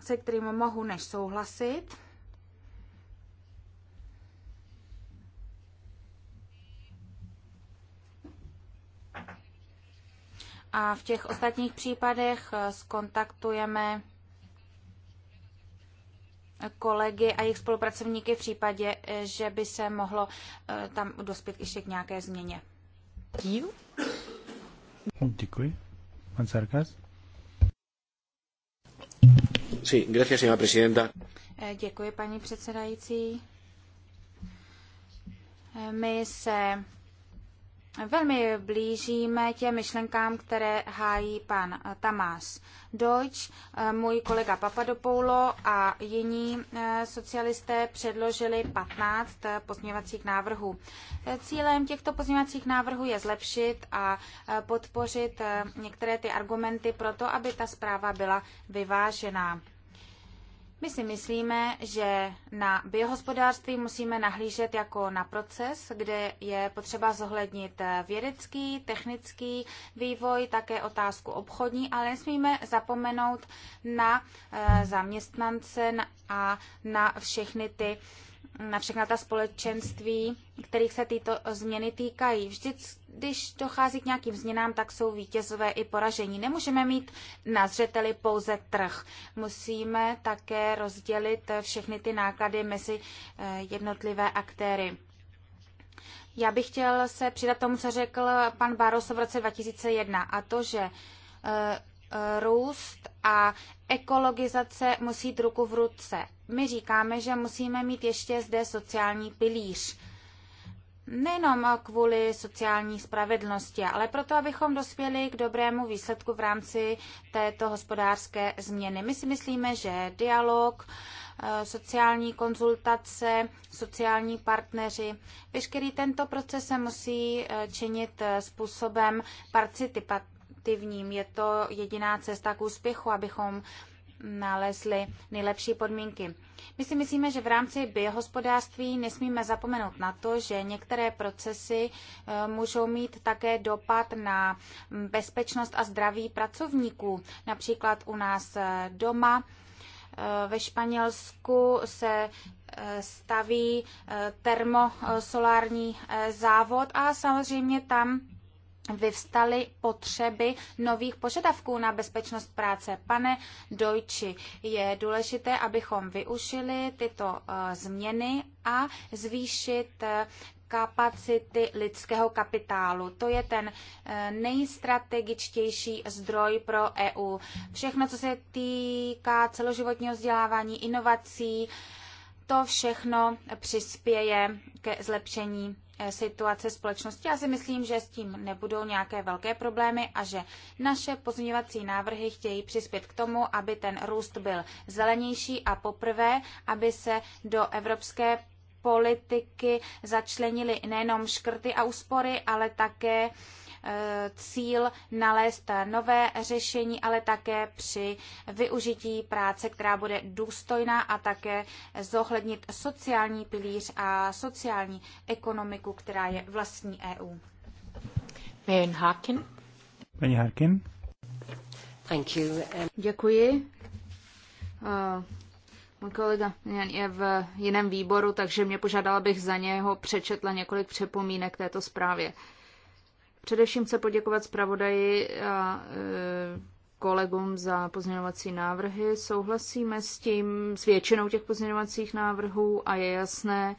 se kterým mohu než souhlasit. A v těch ostatních případech eh, skontaktujeme kolegy a jejich spolupracovníky v případě, eh, že by se mohlo eh, tam dospět ještě k nějaké změně. Děkuji. Pan Sarkas. Eh, děkuji, paní předsedající. Eh, my se velmi blížíme těm myšlenkám, které hájí pan Tamás Deutsch, můj kolega Papadopoulo a jiní eh, socialisté předložili 15 eh, pozměňovacích návrhů. Eh, cílem těchto pozměňovacích návrhů je zlepšit a podpořit některé ty argumenty pro to, aby ta zpráva byla vyvážená. My si myslíme, že na biohospodářství musíme nahlížet jako na proces, kde je potřeba zohlednit vědecký, technický vývoj, také otázku obchodní, ale nesmíme zapomenout na eh, zaměstnance a na všechny ty na všechna ta společenství, kterých se tyto změny týkají. Vždy, když dochází k nějakým změnám, tak jsou vítězové i poražení. Nemůžeme mít na zřeteli pouze trh. Musíme také rozdělit eh, všechny ty náklady mezi eh, jednotlivé aktéry. Já bych chtěl se přidat tomu, co řekl pan Baros v roce 2001, a to, že eh, růst a ekologizace musí jít ruku v ruce. My říkáme, že musíme mít ještě zde sociální pilíř. Nejenom kvůli sociální spravedlnosti, ale proto, abychom dospěli k dobrému výsledku v rámci této hospodářské změny. My si myslíme, že dialog, eh, sociální konzultace, sociální partneři. Veškerý tento proces se musí eh, činit eh, způsobem aktivním. Je to jediná cesta k úspěchu, abychom nalezli nejlepší podmínky. My si myslíme, že v rámci biohospodářství nesmíme zapomenout na to, že některé procesy e, můžou mít také dopad na bezpečnost a zdraví pracovníků. Například u nás e, doma e, ve Španělsku se staví termosolární závod a samozřejmě tam vyvstaly potřeby nových požadavků na bezpečnost práce. Pane Dojči, je důležité, abychom využili tyto eh, změny a zvýšit eh, kapacity lidského kapitálu. To je ten eh, nejstrategičtější zdroj pro EU. Všechno, co se týká celoživotního vzdělávání, inovací, to všechno přispěje ke zlepšení situace společnosti. Já si myslím, že s tím nebudou nějaké velké problémy a že naše pozměňovací návrhy chtějí přispět k tomu, aby ten růst byl zelenější a poprvé, aby se do evropské politiky začlenili nejenom škrty a úspory, ale také Eh, cíl nalézt nové řešení, ale také při využití práce, která bude důstojná a také zohlednit sociální pilíř a sociální ekonomiku, která je vlastní EU. Harkin. Paní Harkin. Thank you. Děkuji. Uh, můj kolega je v jiném výboru, takže mě požádala bych za něho přečetla několik připomínek této zprávě. Uh, Především se poděkovat zpravodaji a e, kolegům za pozměňovací návrhy. Souhlasíme s tím, s většinou těch pozměňovacích návrhů a je jasné,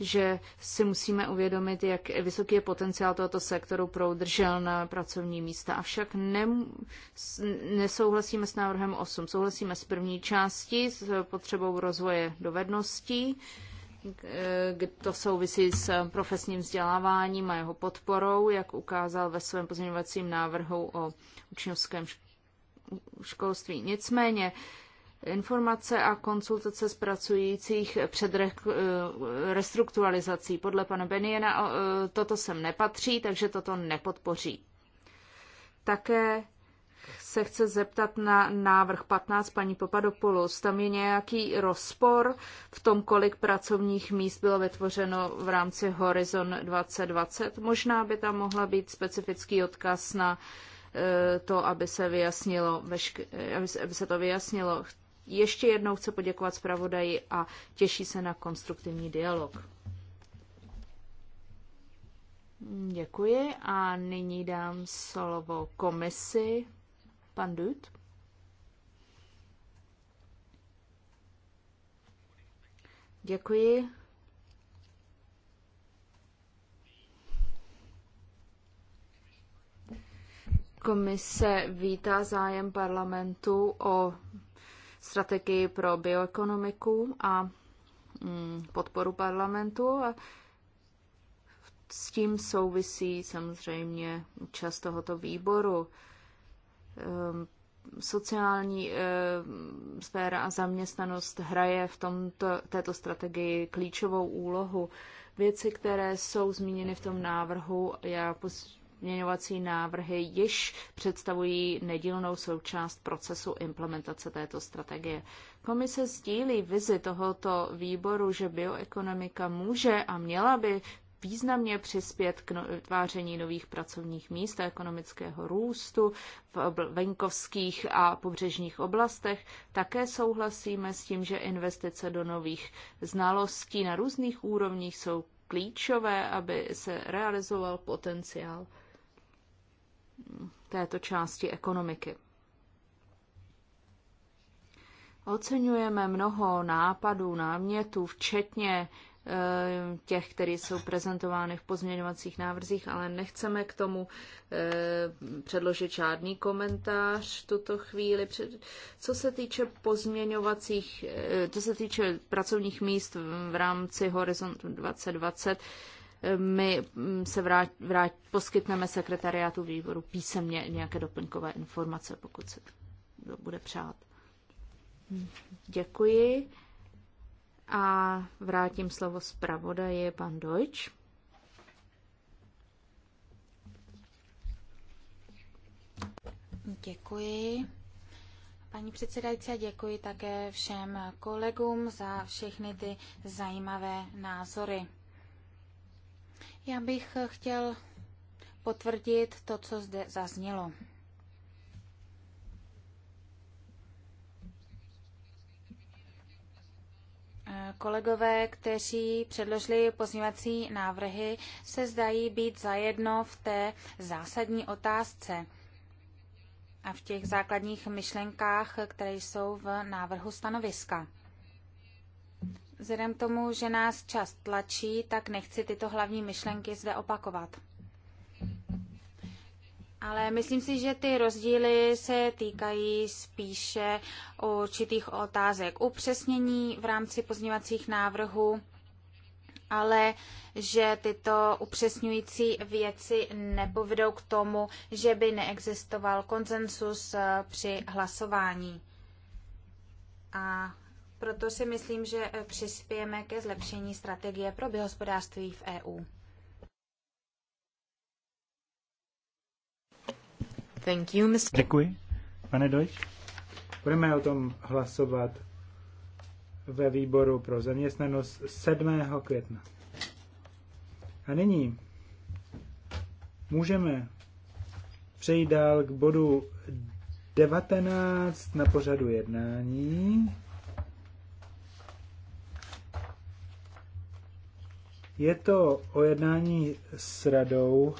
že si musíme uvědomit, jak vysoký je potenciál tohoto sektoru pro udrželná pracovní místa. Avšak ne, nesouhlasíme s návrhem 8. Souhlasíme s první částí, s potřebou rozvoje dovedností. Uh, to souvisí s profesním vzděláváním a jeho podporou, jak ukázal ve svém pozměňovacím návrhu o učňovském školství. Nicméně informace a konsultace z pracujících před eh, restrukturalizací. Podle pana Beniena eh, toto sem nepatří, takže toto nepodpoří. Také se chce zeptat na návrh 15 paní Popadopoulos. Tam je nějaký rozpor v tom, kolik pracovních míst bylo vytvořeno v rámci Horizon 2020. Možná by tam mohla být specifický odkaz na eh, to, aby se, vyjasnilo, aby se to vyjasnilo. Ještě jednou chci poděkovat zpravodaji a těší se na konstruktivní dialog. Děkuji a nyní dám slovo komisi Pan Dut. Děkuji. Komise vítá zájem parlamentu o strategii pro bioekonomiku a mm, podporu parlamentu. A s tím souvisí samozřejmě účast tohoto výboru. Ehm, sociální ehm, sféra a zaměstnanost hraje v tomto, této strategii klíčovou úlohu. Věci, které jsou zmíněny v tom návrhu, já pozměňovací návrhy již představují nedílnou součást procesu implementace této strategie. Komise sdílí vizi tohoto výboru, že bioekonomika může a měla by významně přispět k no- vytváření nových pracovních míst a ekonomického růstu v venkovských a pobřežních oblastech. Také souhlasíme s tím, že investice do nových znalostí na různých úrovních jsou klíčové, aby se realizoval potenciál této části ekonomiky. Oceňujeme mnoho nápadů, námětů, včetně Eh, těch, které jsou prezentovány v pozměňovacích návrzích, ale nechceme k tomu eh, předložit žádný komentář v tuto chvíli. Co se týče pozměňovacích, eh, co se týče pracovních míst v rámci Horizontu 2020, my mm, se vrát, vrát, poskytneme sekretariátu výboru písemně nějaké doplňkové informace, pokud se to bude přát. Hm, děkuji. A vrátím slovo zpravodaje pan Deutsch. Děkuji. Paní předsedající, děkuji také všem kolegům za všechny ty zajímavé názory. Já bych chtěl potvrdit to, co zde zaznělo. Kolegové, kteří předložili pozměňovací návrhy, se zdají být zajedno v té zásadní otázce a v těch základních myšlenkách, které jsou v návrhu stanoviska. Vzhledem k tomu, že nás čas tlačí, tak nechci tyto hlavní myšlenky zde opakovat. Ale myslím si, že ty rozdíly se týkají spíše určitých otázek upřesnění v rámci pozměňovacích návrhů, ale že tyto upřesňující věci nepovedou k tomu, že by neexistoval konsensus eh, při hlasování. A proto si myslím, že eh, přispějeme ke zlepšení strategie pro biohospodářství v EU. Thank you, Mr. Děkuji. Pane Dojč, budeme o tom hlasovat ve výboru pro zaměstnanost 7. května. A nyní můžeme přejít dál k bodu 19 na pořadu jednání. Je to o jednání s radou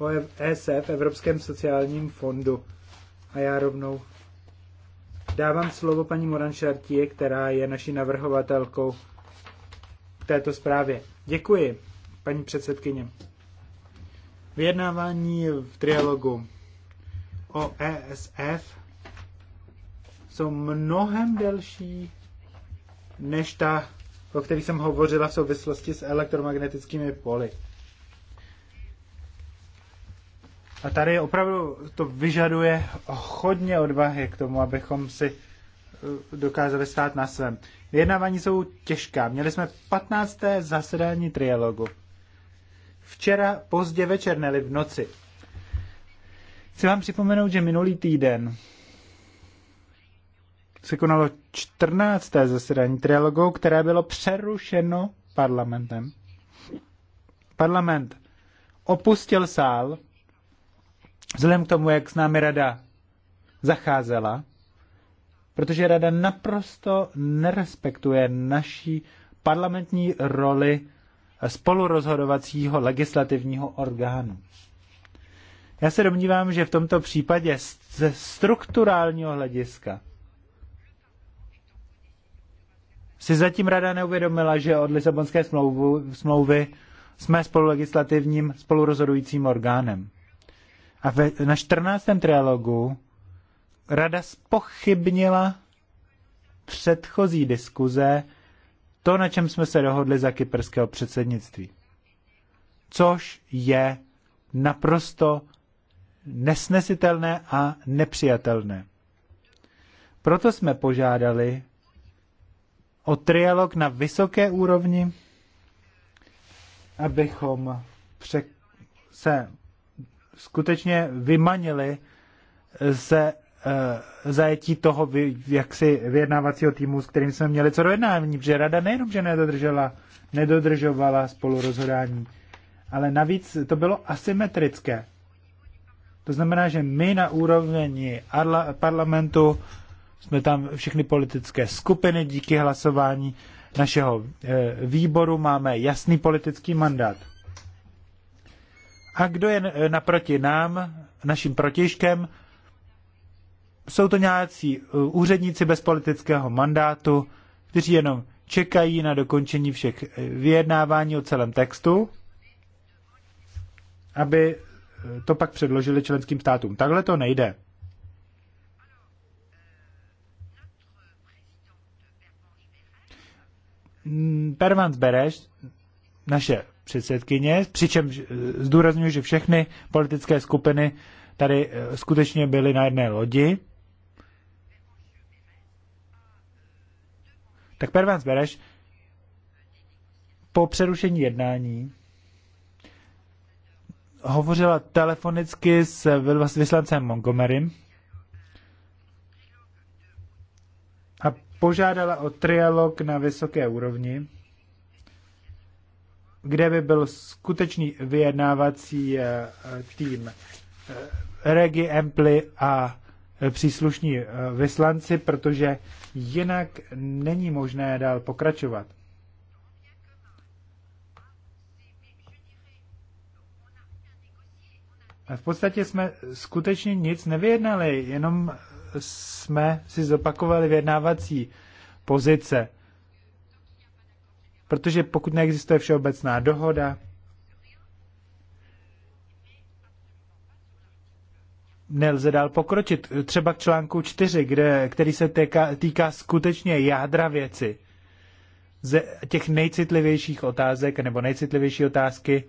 o ESF, Evropském sociálním fondu. A já rovnou dávám slovo paní Moran Šartie, která je naší navrhovatelkou k této zprávě. Děkuji, paní předsedkyně. Vyjednávání v trialogu o ESF jsou mnohem delší než ta, o kterých jsem hovořila v souvislosti s elektromagnetickými poli. A tady opravdu to vyžaduje hodně odvahy k tomu, abychom si eh, dokázali stát na svém. Vyjednávání jsou těžká. Měli jsme 15. zasedání trialogu. Včera pozdě večer, neli v noci. Chci vám připomenout, že minulý týden se konalo 14. zasedání trialogu, které bylo přerušeno parlamentem. Parlament opustil sál Vzhledem k tomu, jak s námi rada zacházela, protože rada naprosto nerespektuje naší parlamentní roli spolurozhodovacího legislativního orgánu. Já se domnívám, že v tomto případě ze strukturálního hlediska si zatím rada neuvědomila, že od Lisabonské smlouvy, jsme spolulegislativním spolurozhodujícím orgánem. A ve, na 14. trialogu rada spochybnila předchozí diskuze to, na čem jsme se dohodli za kyperského předsednictví. Což je naprosto nesnesitelné a nepřijatelné. Proto jsme požádali o trialog na vysoké úrovni, abychom pře- se skutečně vymanili ze eh, zajetí toho jaksi vyjednávacího týmu, s kterým jsme měli co dojednávání, protože rada nejenom, že nedodržela, nedodržovala spolurozhodání, ale navíc to bylo asymetrické. To znamená, že my na úrovni parlamentu jsme tam všechny politické skupiny díky hlasování našeho eh, výboru máme jasný politický mandát. A kdo je naproti nám, naším protižkem? Jsou to nějací e, úředníci bez politického mandátu, kteří jenom čekají na dokončení všech e, vyjednávání o celém textu, aby e, to pak předložili členským státům. Takhle to nejde. Pervans Bereš, naše předsedkyně, přičemž eh, zdůraznuju, že všechny politické skupiny tady eh, skutečně byly na jedné lodi. Tak Pervans Bereš po přerušení jednání hovořila telefonicky s vyslancem Montgomerym a požádala o trialog na vysoké úrovni kde by byl skutečný vyjednávací eh, tým eh, Regi, Empli a eh, příslušní vyslanci, protože jinak není možné dál pokračovat. V podstatě jsme skutečně nic nevyjednali, jenom jsme si zopakovali vyjednávací pozice. Protože pokud neexistuje všeobecná dohoda, nelze dál pokročit. Třeba k článku 4, kde, který se týká, týká skutečně jádra věci, ze těch nejcitlivějších otázek nebo nejcitlivější otázky,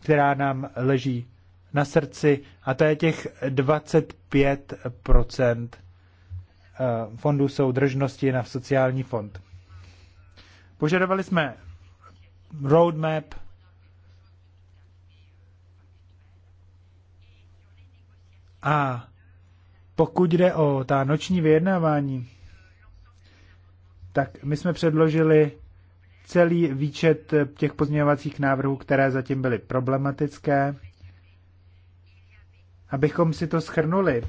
která nám leží na srdci, a to je těch 25 eh, fondů soudržnosti na sociální fond. Požadovali jsme roadmap, A pokud jde o ta noční vyjednávání, tak my jsme předložili celý výčet těch pozměňovacích návrhů, které zatím byly problematické. Abychom si to schrnuli,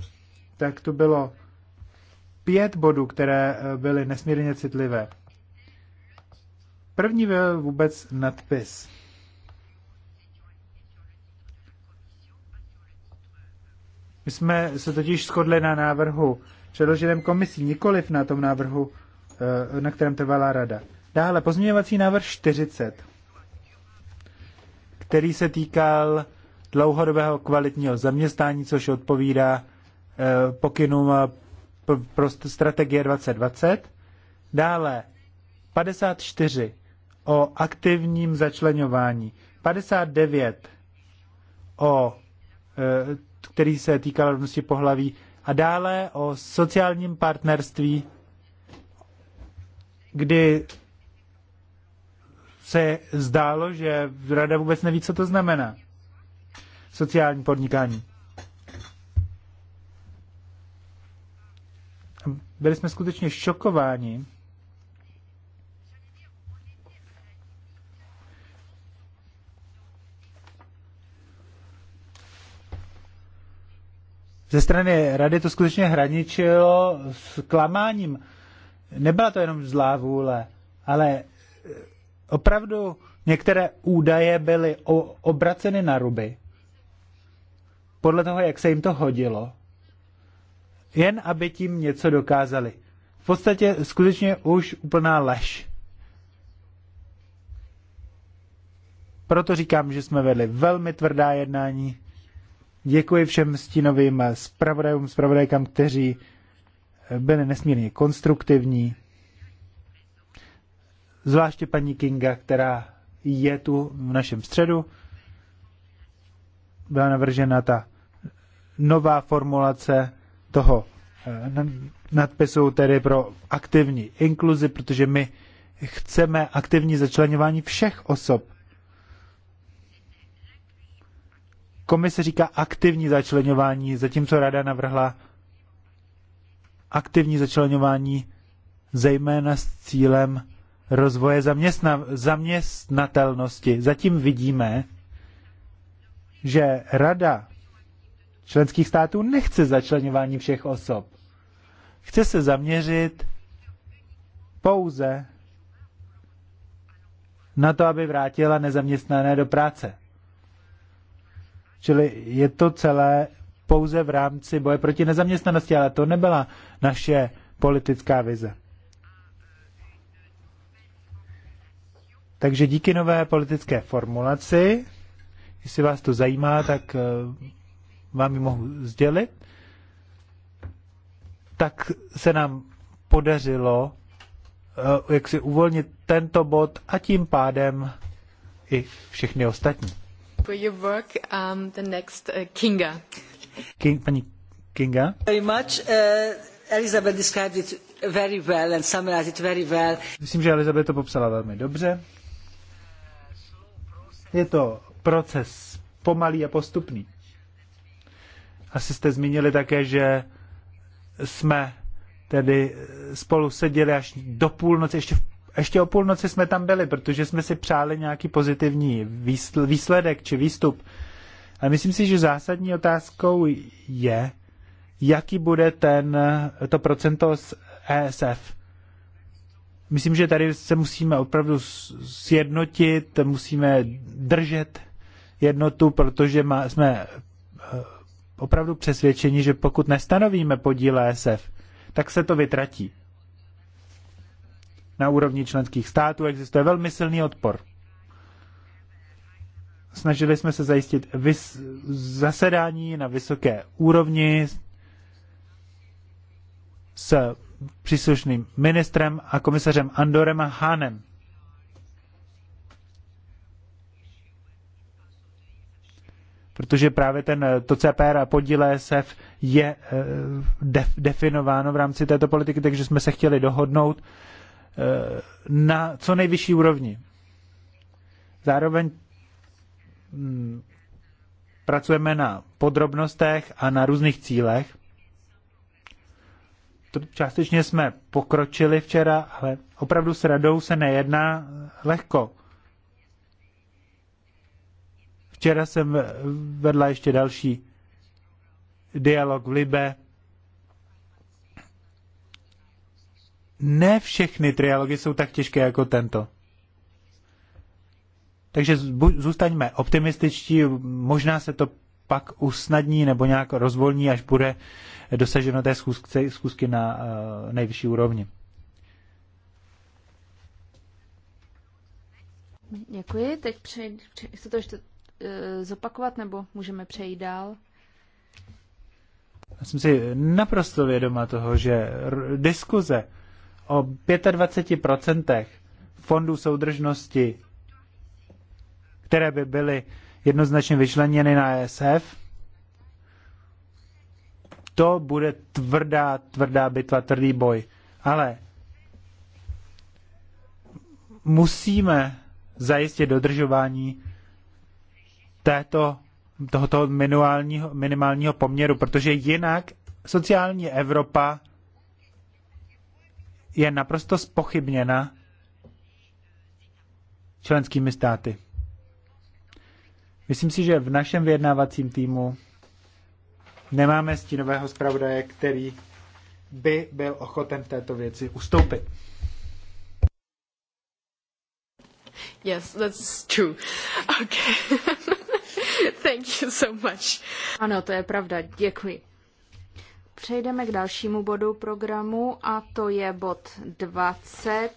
tak tu bylo pět bodů, které byly nesmírně citlivé. První byl vůbec nadpis. My jsme se totiž shodli na návrhu předloženém komisí, nikoliv na tom návrhu, eh, na kterém trvala rada. Dále pozměňovací návrh 40, který se týkal dlouhodobého kvalitního zaměstnání, což odpovídá eh, pokynům eh, pro strategie 2020. Dále 54 o aktivním začlenování, 59 o e, který se týkal rovnosti pohlaví, a dále o sociálním partnerství, kdy se zdálo, že rada vůbec neví, co to znamená. Sociální podnikání. Byli jsme skutečně šokováni, ze strany rady to skutečně hraničilo s klamáním. Nebyla to jenom zlá vůle, ale eh, opravdu některé údaje byly obraceny na ruby podle toho, jak se jim to hodilo, jen aby tím něco dokázali. V podstatě skutečně už úplná lež. Proto říkám, že jsme vedli velmi tvrdá jednání Děkuji všem stínovým zpravodajům, zpravodajkám, kteří byli nesmírně konstruktivní. Zvláště paní Kinga, která je tu v našem středu. Byla navržena ta nová formulace toho eh, nadpisu tedy pro aktivní inkluzi, protože my chceme aktivní začlenování všech osob komise říká aktivní začlenování, zatímco rada navrhla aktivní začlenování zejména s cílem rozvoje zaměstna, zaměstnatelnosti. Zatím vidíme, že rada členských států nechce začlenování všech osob. Chce se zaměřit pouze na to, aby vrátila nezaměstnané do práce. Čili je to celé pouze v rámci boje proti nezaměstnanosti, ale to nebyla naše politická vize. Takže díky nové politické formulaci, jestli vás to zajímá, tak eh, vám ji mohu sdělit, tak se nám podařilo eh, jak si uvolnit tento bod a tím pádem i všechny ostatní. For your work, um, the next uh, Kinga. King, paní Kinga. Very much. Uh, Elizabeth described it very well and summarized it very well. Myslím, že Elizabeth to popsala velmi dobře. Je to proces pomalý a postupný. Asi jste zmínili také, že jsme tedy spolu seděli až do půlnoci, ještě v ještě o půlnoci jsme tam byli, protože jsme si přáli nějaký pozitivní výsledek či výstup. Ale myslím si, že zásadní otázkou je, jaký bude ten, to procento z ESF. Myslím, že tady se musíme opravdu sjednotit, musíme držet jednotu, protože má, jsme eh, opravdu přesvědčeni, že pokud nestanovíme podíl ESF, tak se to vytratí na úrovni členských států existuje velmi silný odpor. Snažili jsme se zajistit vys- zasedání na vysoké úrovni s příslušným ministrem a komisařem Andorem a Hánem. protože právě ten, to CPR a podíl e SF je eh, def, definováno v rámci této politiky, takže jsme se chtěli dohodnout Eh, na co nejvyšší úrovni. Zároveň mm, pracujeme na podrobnostech a na různých cílech. To částečně jsme pokročili včera, ale opravdu s radou se nejedná lehko. Včera jsem vedla ještě další dialog v Libe ne všechny trialogy jsou tak těžké jako tento. Takže zůstaňme optimističtí, možná se to pak usnadní nebo nějak rozvolní, až bude dosaženo té schůzky, schůzky na uh, nejvyšší úrovni. Děkuji. Teď přejít. přeji, chcete to ještě uh, zopakovat, nebo můžeme přejít dál? Já jsem si naprosto vědoma toho, že diskuze o 25% fondů soudržnosti, které by byly jednoznačně vyčleněny na ESF, to bude tvrdá, tvrdá bitva, tvrdý boj. Ale musíme zajistit dodržování této, tohoto minimálního, minimálního poměru, protože jinak sociální Evropa je naprosto spochybněna členskými státy. Myslím si, že v našem vyjednávacím týmu nemáme stínového zpravodaje, který by byl ochoten v této věci ustoupit. Yes, that's true. Okay. Thank you so much. Ano, to je pravda. Děkuji. Přejdeme k dalšímu bodu programu a to je bod 20.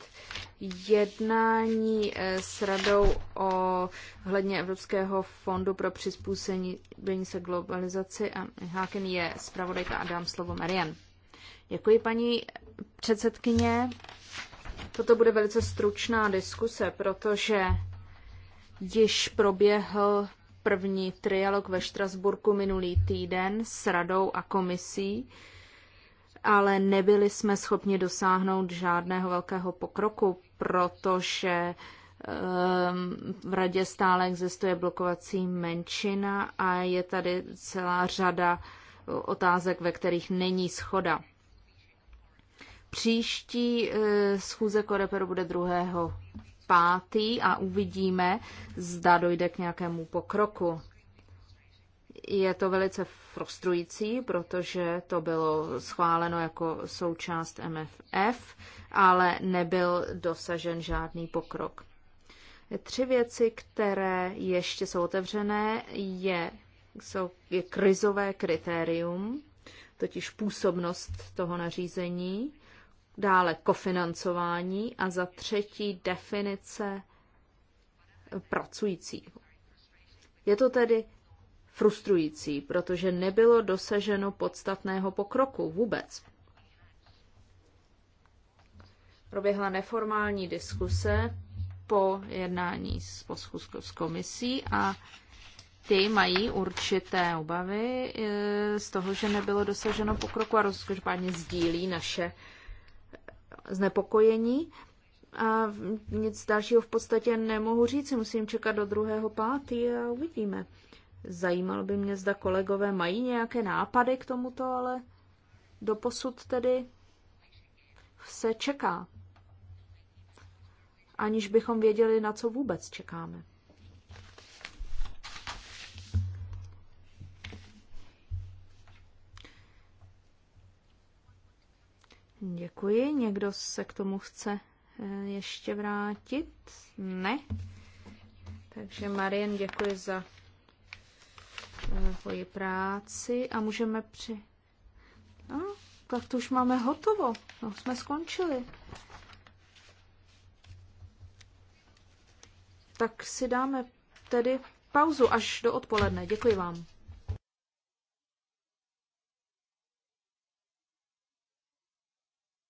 Jednání eh, s radou o hledně Evropského fondu pro přizpůsobení se globalizaci a Háken je zpravodajka a dám slovo Marian. Děkuji paní předsedkyně. Toto bude velice stručná diskuse, protože již proběhl první trialog ve Štrasburku minulý týden s radou a komisí, ale nebyli jsme schopni dosáhnout žádného velkého pokroku, protože ehm, v radě stále existuje blokovací menšina a je tady celá řada otázek, ve kterých není schoda. Příští eh, schůze Koreperu bude 2. 5. a uvidíme, zda dojde k nějakému pokroku. Je to velice frustrující, protože to bylo schváleno jako součást MFF, ale nebyl dosažen žádný pokrok. Tři věci, které ještě jsou otevřené, je, jsou, je krizové kritérium, totiž působnost toho nařízení, dále kofinancování a za třetí definice pracujícího Je to tedy frustrující, protože nebylo dosaženo podstatného pokroku vůbec. Proběhla neformální diskuse po jednání s poschůzkou s komisí a ty mají určité obavy e, z toho, že nebylo dosaženo pokroku a rozkožbáně sdílí naše znepokojení a nic dalšího v podstatě nemohu říct. Musím čekat do druhého pátý a uvidíme. Zajímalo by mě, zda kolegové mají nějaké nápady k tomuto, ale doposud tedy se čeká, aniž bychom věděli, na co vůbec čekáme. Děkuji. Někdo se k tomu chce eh, ještě vrátit? Ne. Takže Marien, děkuji za eh, tvoji práci a můžeme při... No, tak to už máme hotovo. No, jsme skončili. Tak si dáme tedy pauzu až do odpoledne. Děkuji vám.